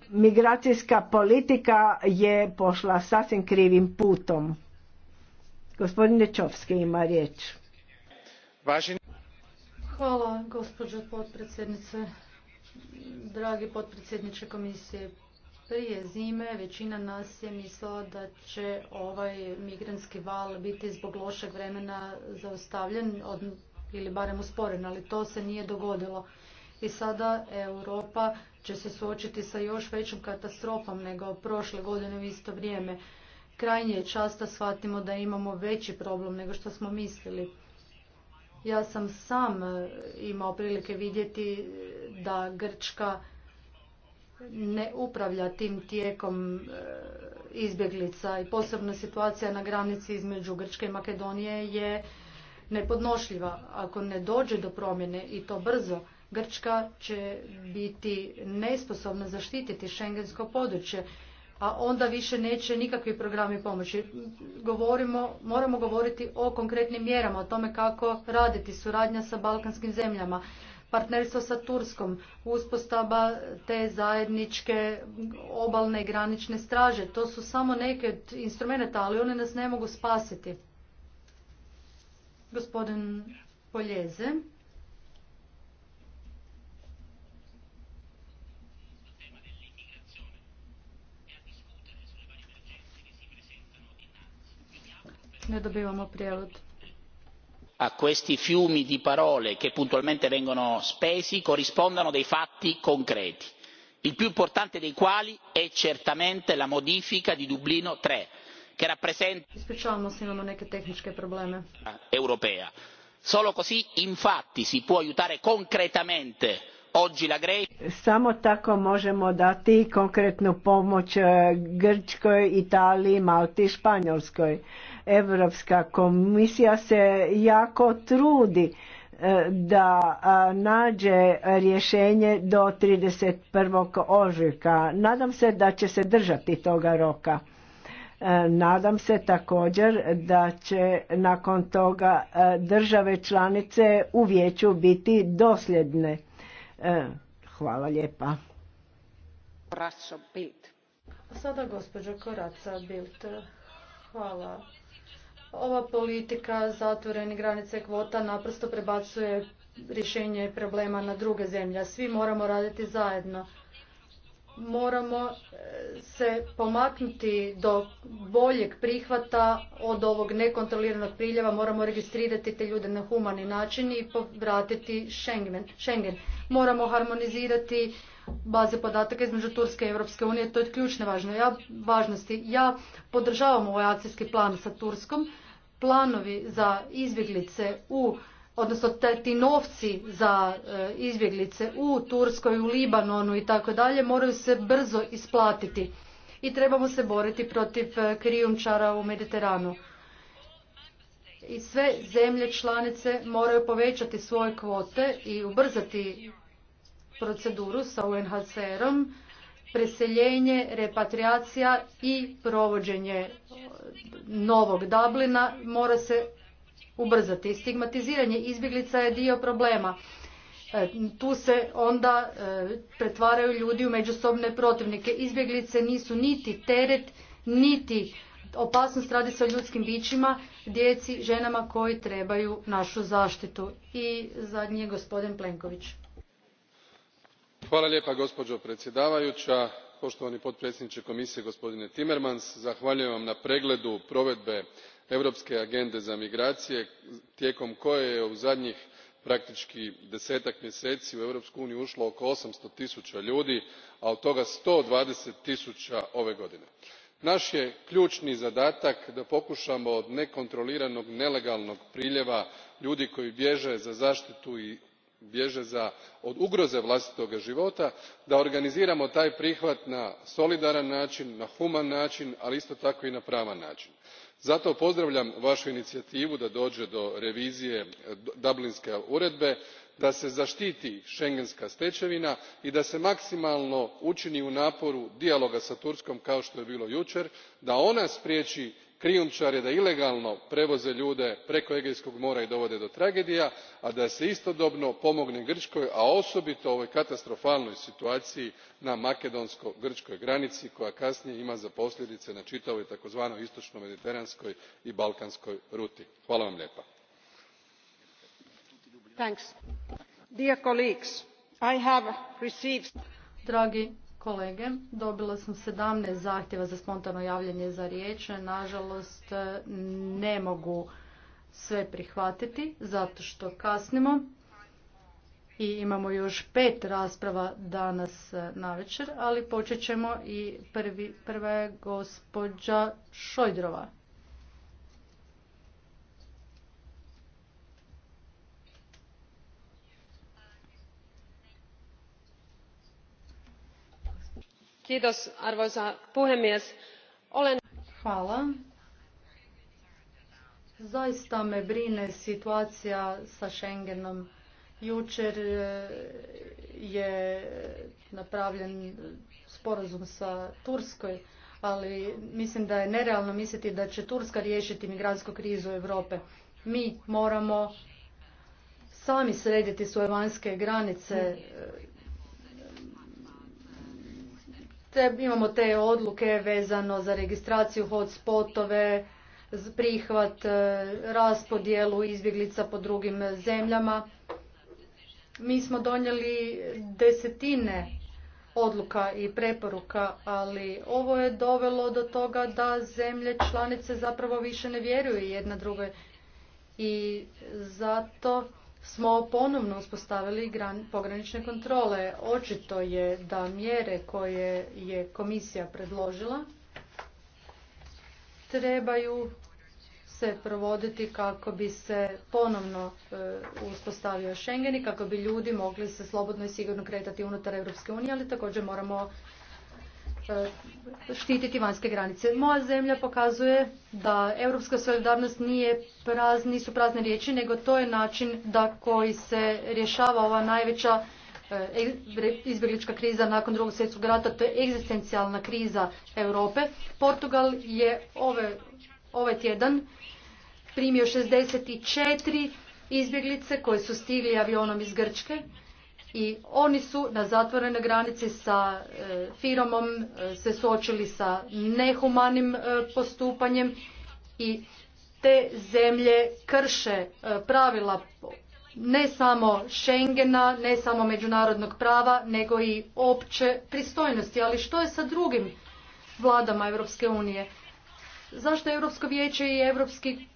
migracijska politika je pošla sasvim krivim putom. Gospodin Čovski ima riječ. Hvala gospođo potpredsjednice. Dragi potpredsjedniče komisije, prije zime većina nas je mislila da će ovaj migrantski val biti zbog lošeg vremena zaustavljen od, ili barem usporen, ali to se nije dogodilo i sada Europa će se suočiti sa još većom katastrofom nego prošle godine u isto vrijeme. Krajnje je shvatimo da imamo veći problem nego što smo mislili. Ja sam sam e, imao prilike vidjeti e, da Grčka ne upravlja tim tijekom e, izbjeglica i posebna situacija na granici između Grčke i Makedonije je nepodnošljiva. Ako ne dođe do promjene i to brzo, Grčka će biti nesposobna zaštititi šengensko područje, a onda više neće nikakvi programi pomoći. Govorimo, moramo govoriti o konkretnim mjerama, o tome kako raditi suradnja sa balkanskim zemljama, partnerstvo sa Turskom, uspostava te zajedničke obalne i granične straže. To su samo neke od instrumenta, ali one nas ne mogu spasiti. Gospodin Poljeze. ne dobivamo prijevod. A questi fiumi di parole che puntualmente vengono spesi corrispondano dei fatti concreti, il più importante dei quali è certamente la modifica di Dublino 3, che rappresenta imamo neke tehničke probleme. Europea. Solo così infatti si può aiutare concretamente oggi la Grecia. Samo tako možemo dati konkretnu pomoć eh, Grčkoj, Italiji, Malti Španjolskoj Europska komisija se jako trudi e, da nađe rješenje do 31. ožujka. Nadam se da će se držati toga roka. E, nadam se također da će nakon toga e, države članice u vijeću biti dosljedne. Hvala lijepa. Sada gospođa Koraca Bilt. Hvala ova politika zatvorenih granice kvota naprosto prebacuje rješenje problema na druge zemlje. Svi moramo raditi zajedno. Moramo e, se pomaknuti do boljeg prihvata od ovog nekontroliranog priljeva. Moramo registrirati te ljude na humani način i povratiti Schengen. Moramo harmonizirati baze podataka između Turske i Europske unije. To je ključne ja, važnosti. Ja podržavam ovaj akcijski plan sa Turskom. Planovi za izbjeglice u odnosno ti novci za e, izbjeglice u Turskoj, u Libanonu i tako dalje moraju se brzo isplatiti i trebamo se boriti protiv e, krijumčara u Mediteranu. I sve zemlje članice moraju povećati svoje kvote i ubrzati proceduru sa UNHCR-om, preseljenje, repatriacija i provođenje e, novog Dublina mora se ubrzati. Stigmatiziranje izbjeglica je dio problema. E, tu se onda e, pretvaraju ljudi u međusobne protivnike. Izbjeglice nisu niti teret, niti opasnost radi se o ljudskim bićima, djeci, ženama koji trebaju našu zaštitu. I zadnji je gospodin Plenković gospođo predsjedavajuća poštovani potpredsjedniče komisije gospodine timmermans zahvaljujem vam na pregledu provedbe europske agende za migracije tijekom koje je u zadnjih praktički desetak mjeseci u europsku uniju ušlo oko osamsto tisuća ljudi a od toga sto dvadeset tisuća ove godine. naš je ključni zadatak da pokušamo od nekontroliranog nelegalnog priljeva ljudi koji bježe za zaštitu i bježe od ugroze vlastitoga života da organiziramo taj prihvat na solidaran način na human način ali isto tako i na pravan način. zato pozdravljam vašu inicijativu da dođe do revizije e, dublinske uredbe da se zaštiti schengenska stečevina i da se maksimalno učini u naporu dijaloga sa turskom kao što je bilo jučer da ona spriječi krijumčare da ilegalno prevoze ljude preko egejskog mora i dovode do tragedija a da se istodobno pomogne grčkoj a osobito ovoj katastrofalnoj situaciji na makedonsko grčkoj granici koja kasnije ima za posljedice na čitavoj takozvanoj istočno mediteranskoj i balkanskoj ruti. hvala vam lijepa kolege. Dobila sam 17 zahtjeva za spontano javljanje za riječ. Nažalost, ne mogu sve prihvatiti zato što kasnimo i imamo još pet rasprava danas eh, na večer, ali počet ćemo i prva je gospođa Šojdrova. puhemies olen Hvala. Zaista me brine situacija sa Schengenom. Jučer e, je napravljen sporazum sa Turskoj, ali mislim da je nerealno misliti da će Turska riješiti migrantsku krizu Europe. Mi moramo sami srediti svoje vanjske granice mm. e, imamo te odluke vezano za registraciju hotspotove, prihvat, e, raspodjelu izbjeglica po drugim zemljama. Mi smo donijeli desetine odluka i preporuka, ali ovo je dovelo do toga da zemlje članice zapravo više ne vjeruju jedna drugoj. I zato smo ponovno uspostavili pogranične kontrole. Očito je da mjere koje je komisija predložila trebaju se provoditi kako bi se ponovno e, uspostavio Schengen i kako bi ljudi mogli se slobodno i sigurno kretati unutar Europske ali također moramo E, štititi vanjske granice. Moja zemlja pokazuje da europska solidarnost nije praz, nisu prazne riječi, nego to je način da koji se rješava ova najveća e, izbjeglička kriza nakon drugog svjetskog rata, to je egzistencijalna kriza Europe. Portugal je ove, ovaj tjedan primio 64 izbjeglice koje su stigli avionom iz Grčke i oni su na zatvorenoj granici sa e, firomom e, se suočili sa nehumanim e, postupanjem i te zemlje krše pravila ne samo Schengena, ne samo međunarodnog prava, nego i opće pristojnosti. Ali što je sa drugim vladama Europske unije? Zašto Europsko vijeće i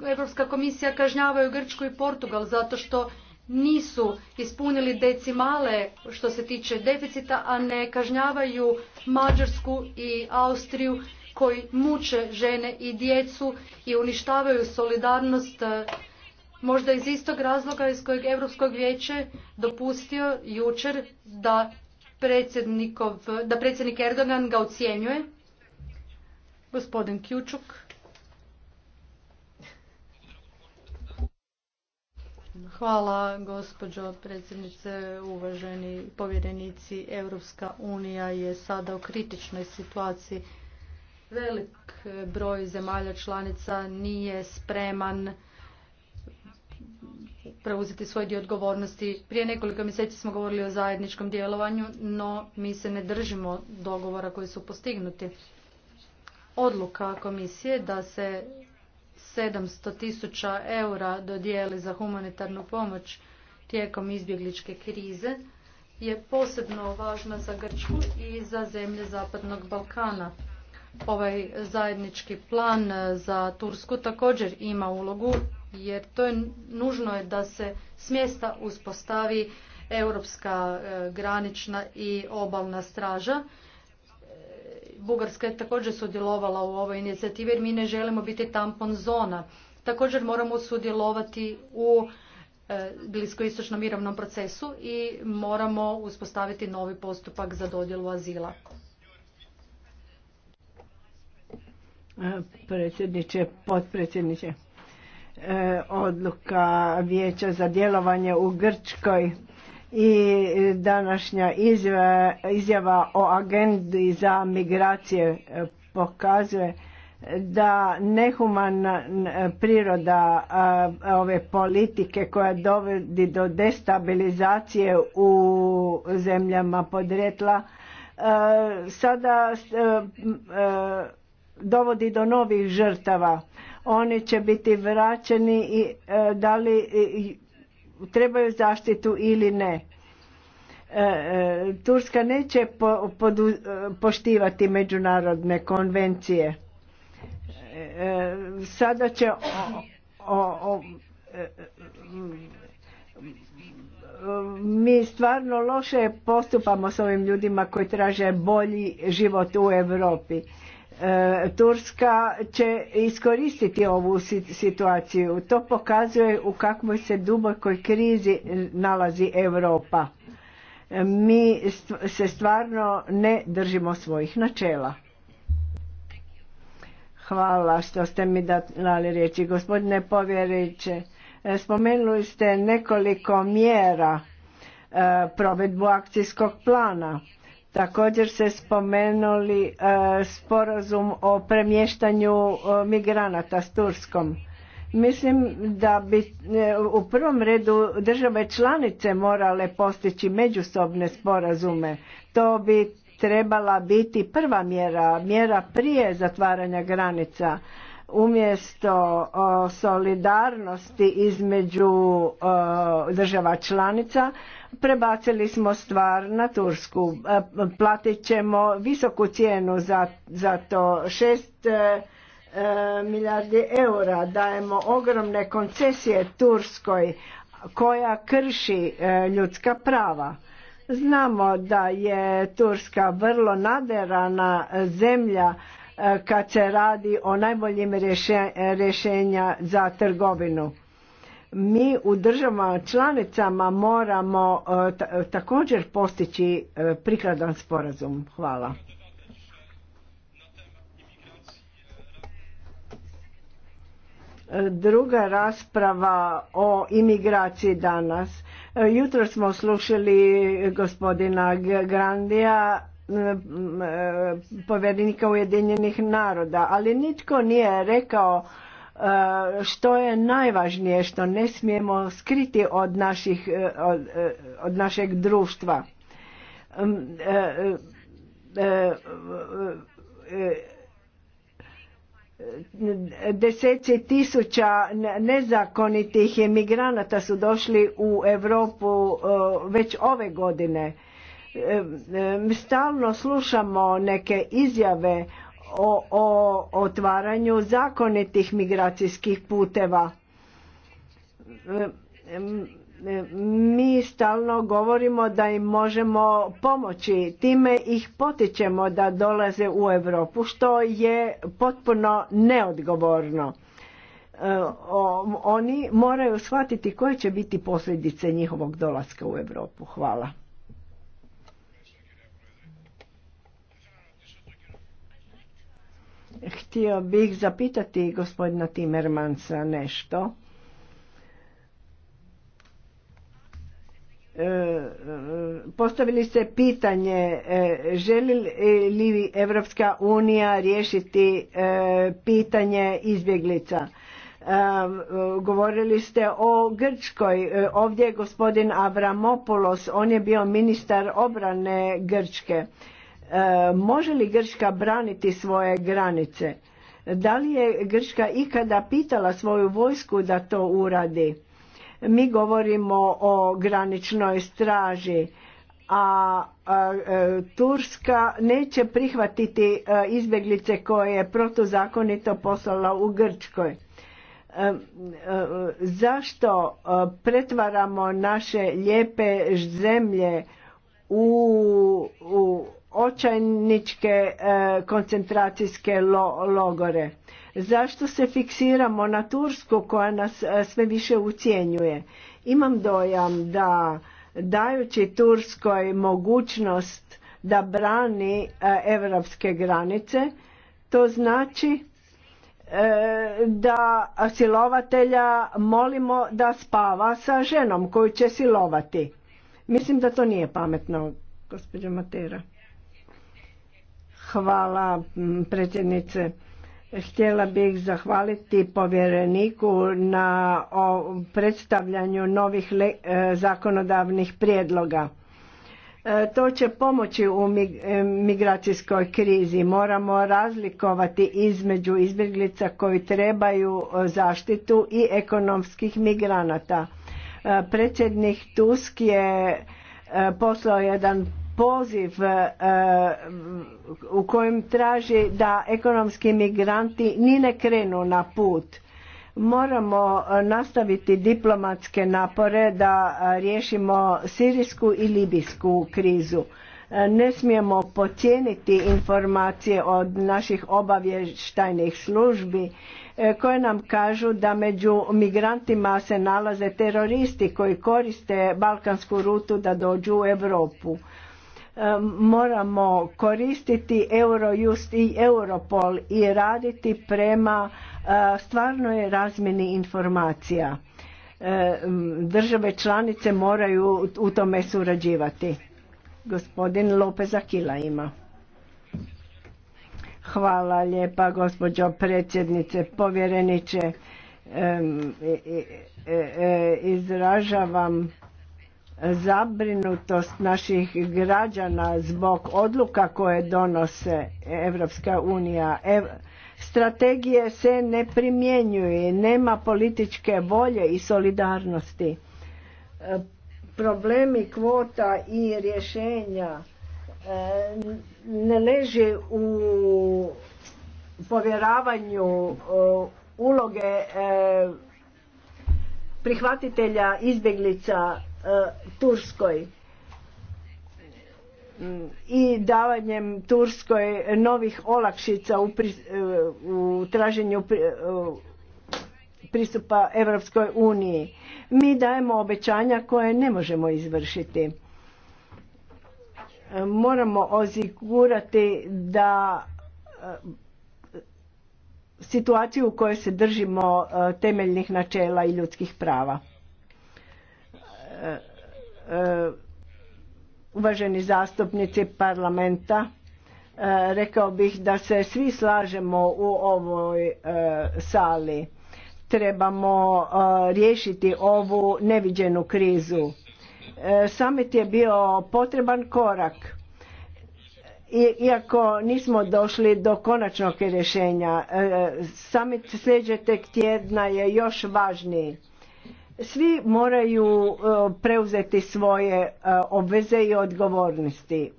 Europska komisija kažnjavaju Grčku i Portugal? Zato što nisu ispunili decimale što se tiče deficita, a ne kažnjavaju Mađarsku i Austriju koji muče žene i djecu i uništavaju solidarnost e, možda iz istog razloga iz kojeg Europskog vijeće dopustio jučer da, da predsjednik Erdogan ga ucijenjuje. Gospodin Kjučuk. Hvala gospođo predsjednice, uvaženi povjerenici. Europska unija je sada u kritičnoj situaciji. Velik broj zemalja članica nije spreman preuzeti svoj dio odgovornosti. Prije nekoliko mjeseci smo govorili o zajedničkom djelovanju, no mi se ne držimo dogovora koji su postignuti. Odluka komisije da se 700 tisuća eura dodijeli za humanitarnu pomoć tijekom izbjegličke krize je posebno važna za Grčku i za zemlje Zapadnog Balkana. Ovaj zajednički plan za Tursku također ima ulogu jer to je nužno je da se smjesta uspostavi europska e, granična i obalna straža Bugarska je također sudjelovala u ovoj inicijativi jer mi ne želimo biti tampon zona. Također moramo sudjelovati u e, bliskoistočnom mirovnom procesu i moramo uspostaviti novi postupak za dodjelu azila. E, predsjedniče, potpredsjedniče, e, odluka vijeća za djelovanje u Grčkoj i današnja izjava, izjava o agendi za migracije e, pokazuje da nehumana priroda ove politike koja dovodi do destabilizacije u zemljama podretla e, sada e, dovodi do novih žrtava. Oni će biti vraćeni i da li trebaju zaštitu ili ne. E, e, Turska neće po, e, poštivati međunarodne konvencije. Sada će o, o, mi stvarno loše postupamo s ovim ljudima koji traže bolji život u Europi. E, Turska će iskoristiti ovu situaciju. To pokazuje u kakvoj se dubokoj krizi nalazi Europa. E, mi se stvarno ne držimo svojih načela. Hvala što ste mi dali riječi. Gospodine povjeriće, e, spomenuli ste nekoliko mjera provedbu akcijskog plana Također se spomenuli e, sporazum o premještanju e, migranata s Turskom. Mislim da bi e, u prvom redu države članice morale postići međusobne sporazume. To bi trebala biti prva mjera, mjera prije zatvaranja granica. Umjesto solidarnosti između država članica prebacili smo stvar na Tursku. E, platit ćemo visoku cijenu za, za to. Šest e, e, milijardi eura dajemo ogromne koncesije Turskoj koja krši ljudska prava. Znamo da je Turska vrlo naderana zemlja kad se radi o najboljim rješenja za trgovinu mi u državama članicama moramo e, također postići e, prikladan sporazum. Hvala. E, druga rasprava o imigraciji danas. Jutro smo slušali gospodina Grandija, povjerenika Ujedinjenih naroda, ali nitko nije rekao E, što je najvažnije što ne smijemo skriti od, naših, e, od, e, od našeg društva mm, deseci tisuća nezakonitih emigranata su došli u Europu već ove godine. Stalno slušamo neke izjave o, o otvaranju zakonitih migracijskih puteva. Mi stalno govorimo da im možemo pomoći, time ih potičemo da dolaze u Europu, što je potpuno neodgovorno. E, oni moraju shvatiti koje će biti posljedice njihovog dolaska u Europu. Hvala. Htio bih zapitati gospodina Timmermansa nešto. E, e, postavili ste pitanje e, želi li Evropska unija riješiti pitanje izbjeglica. Govorili ste o Grčkoj. Ovdje je gospodin Avramopoulos, on je bio ministar obrane Grčke E, može li Grška braniti svoje granice? Da li je Grška ikada pitala svoju vojsku da to uradi? Mi govorimo o graničnoj straži, a e, Turska neće prihvatiti e, izbjeglice koje je protuzakonito poslala u Grčkoj. Zašto pretvaramo naše lijepe zemlje u, u očajničke e, koncentracijske logore. Zašto se fiksiramo na Tursku koja nas e, sve više ucijenjuje? Imam dojam da dajući Turskoj mogućnost da brani e, evropske granice, to znači da silovatelja molimo da spava sa ženom koju će silovati. Mislim da to nije pametno, gospođo Matera. Hvala predsjednice. Htjela bih zahvaliti povjereniku na predstavljanju novih e, zakonodavnih prijedloga. E, to će pomoći u e, migracijskoj krizi. Moramo razlikovati između izbjeglica koji trebaju zaštitu i ekonomskih migranata. Predsjednik Tusk je poslao jedan poziv e, u kojem traži da ekonomski migranti ni ne krenu na put. Moramo e, nastaviti diplomatske napore da e, riješimo sirijsku i libijsku krizu. Ne smijemo pocijeniti informacije od naših obavještajnih službi koje nam kažu da među migrantima se nalaze teroristi koji koriste balkansku rutu da dođu u Europu moramo koristiti Eurojust i Europol i raditi prema e, stvarnoj razmjeni informacija. E, države članice moraju u tome surađivati. Gospodin Lopez Akila ima. Hvala lijepa gospođo predsjednice, povjereniče. E, izražavam zabrinutost naših građana zbog odluka koje donose Evropska unija. E, strategije se ne primjenjuju. nema političke volje i solidarnosti. E, problemi kvota i rješenja e, ne leži u povjeravanju uloge prihvatitelja izbjeglica E, Turskoj i davanjem Turskoj novih olakšica u, e, u traženju e, pristupa Europskoj uniji. Mi dajemo obećanja koje ne možemo izvršiti. Moramo osigurati da situaciju u kojoj se držimo temeljnih načela i ljudskih prava. E, e, uvaženi zastupnici parlamenta e, rekao bih da se svi slažemo u ovoj sali trebamo riješiti ovu neviđenu krizu Samit je bio potreban korak iako nismo došli do konačnog rješenja samit sljedećeg tjedna je još važniji svi moraju e, preuzeti svoje e, obveze i odgovornosti. E,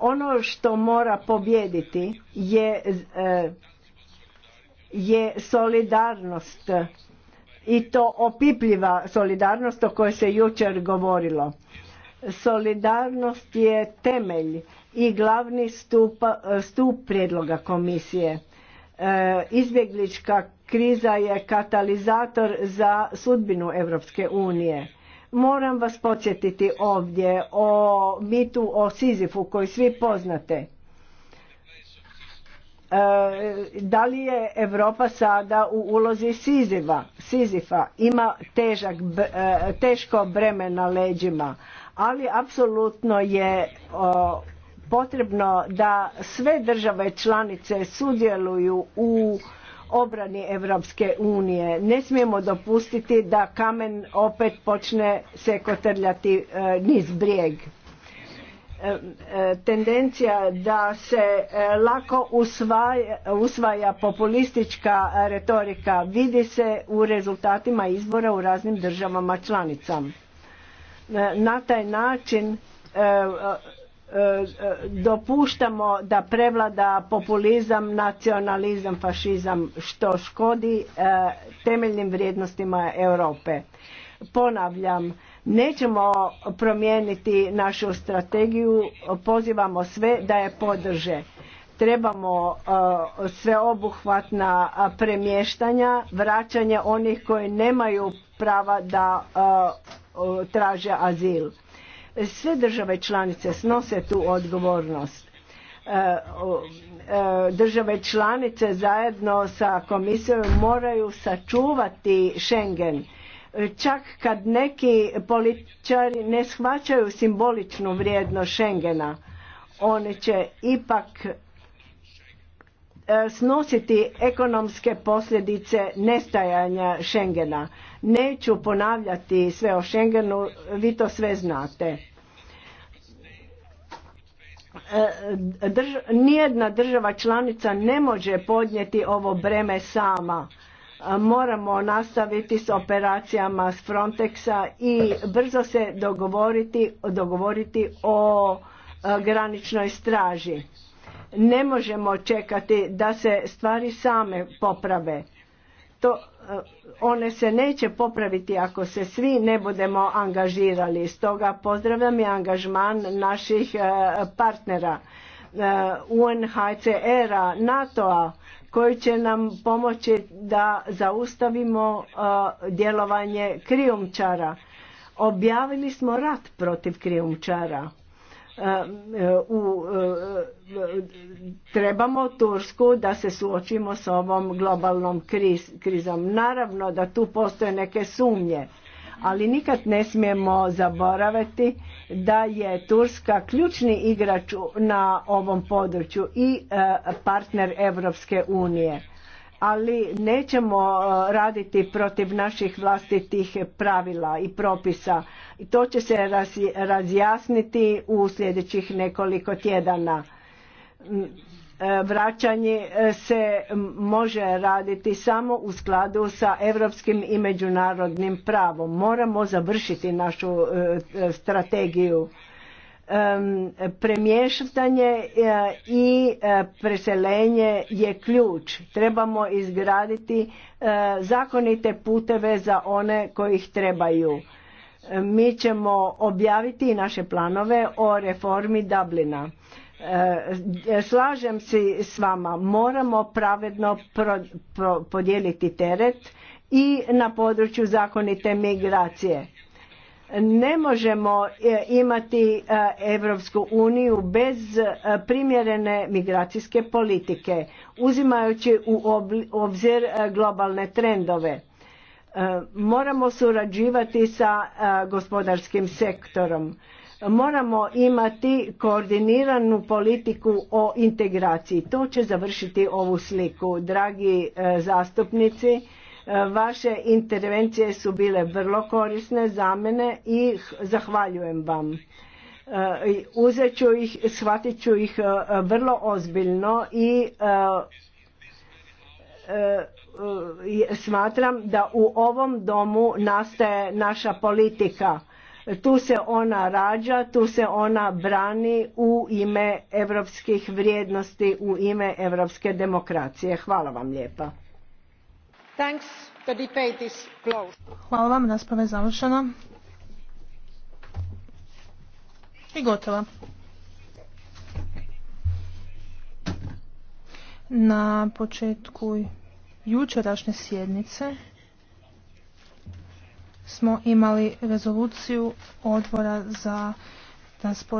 ono što mora pobjediti je, je solidarnost i to opipljiva solidarnost o kojoj se jučer govorilo. Solidarnost je temelj i glavni stup, stup prijedloga komisije. Izbjeglička kriza je katalizator za sudbinu Europske unije. Moram vas podsjetiti ovdje o mitu o Sizifu koji svi poznate. E, da li je Europa sada u ulozi Sizifa? Ima težak, e, teško breme na leđima, ali apsolutno je potrebno da sve države članice sudjeluju u obrani Europske unije. Ne smijemo dopustiti da kamen opet počne se kotrljati e, niz brijeg. E, e, tendencija da se lako usvaja, usvaja populistička retorika vidi se u rezultatima izbora u raznim državama članicama. Na taj način E, dopuštamo da prevlada populizam, nacionalizam, fašizam što škodi e, temeljnim vrijednostima Europe. Ponavljam, nećemo promijeniti našu strategiju, pozivamo sve da je podrže. Trebamo e, sveobuhvatna premještanja, vraćanje onih koji nemaju prava da traže azil sve države članice snose tu odgovornost. E, e, države članice zajedno sa komisijom moraju sačuvati Schengen. Čak kad neki političari ne shvaćaju simboličnu vrijednost Schengena, one će ipak e, snositi ekonomske posljedice nestajanja Schengena. Neću ponavljati sve o Schengenu, vi to sve znate. E, nijedna država članica ne može podnijeti ovo breme sama. E, moramo nastaviti s operacijama s Frontexa i brzo se dogovoriti, dogovoriti o e, graničnoj straži. Ne možemo čekati da se stvari same poprave to e, one se neće popraviti ako se svi ne budemo angažirali. Stoga pozdravljam i angažman naših e, partnera e, UNHCR-a, NATO-a koji će nam pomoći da zaustavimo djelovanje krijumčara. Objavili smo rat protiv krijumčara. E, u, e, trebamo Tursku da se suočimo s ovom globalnom krizom. Naravno da tu postoje neke sumnje, ali nikad ne smijemo zaboraviti da je Turska ključni igrač na ovom području i e, partner Europske unije ali nećemo e, raditi protiv naših vlastitih pravila i propisa. to će se razjasniti u sljedećih nekoliko tjedana. E, vraćanje e, se može raditi samo u skladu sa europskim i međunarodnim pravom. Moramo završiti našu strategiju premještanje e, i e, preselenje je ključ. Trebamo izgraditi e, zakonite puteve za one koji ih trebaju. Mi ćemo objaviti naše planove o reformi Dublina. Slažem se s vama, moramo pravedno podijeliti teret i na području zakonite migracije ne možemo e, imati Europsku uniju bez e, primjerene migracijske politike, uzimajući u obzir e, globalne trendove. Moramo surađivati sa gospodarskim sektorom. Moramo imati koordiniranu politiku o integraciji. To će završiti ovu sliku. Dragi zastupnici, Vaše intervencije su bile vrlo korisne za mene i zahvaljujem vam. E, uzet ću ih, shvatit ću ih e, vrlo ozbiljno e, i smatram da u ovom domu nastaje naša politika. Tu se ona rađa, tu se ona brani u ime europskih vrijednosti, u ime europske demokracije. Hvala vam lijepa. Hvala vam, rasprava je završena. I gotova. Na početku jučerašnje sjednice smo imali rezoluciju odbora za transport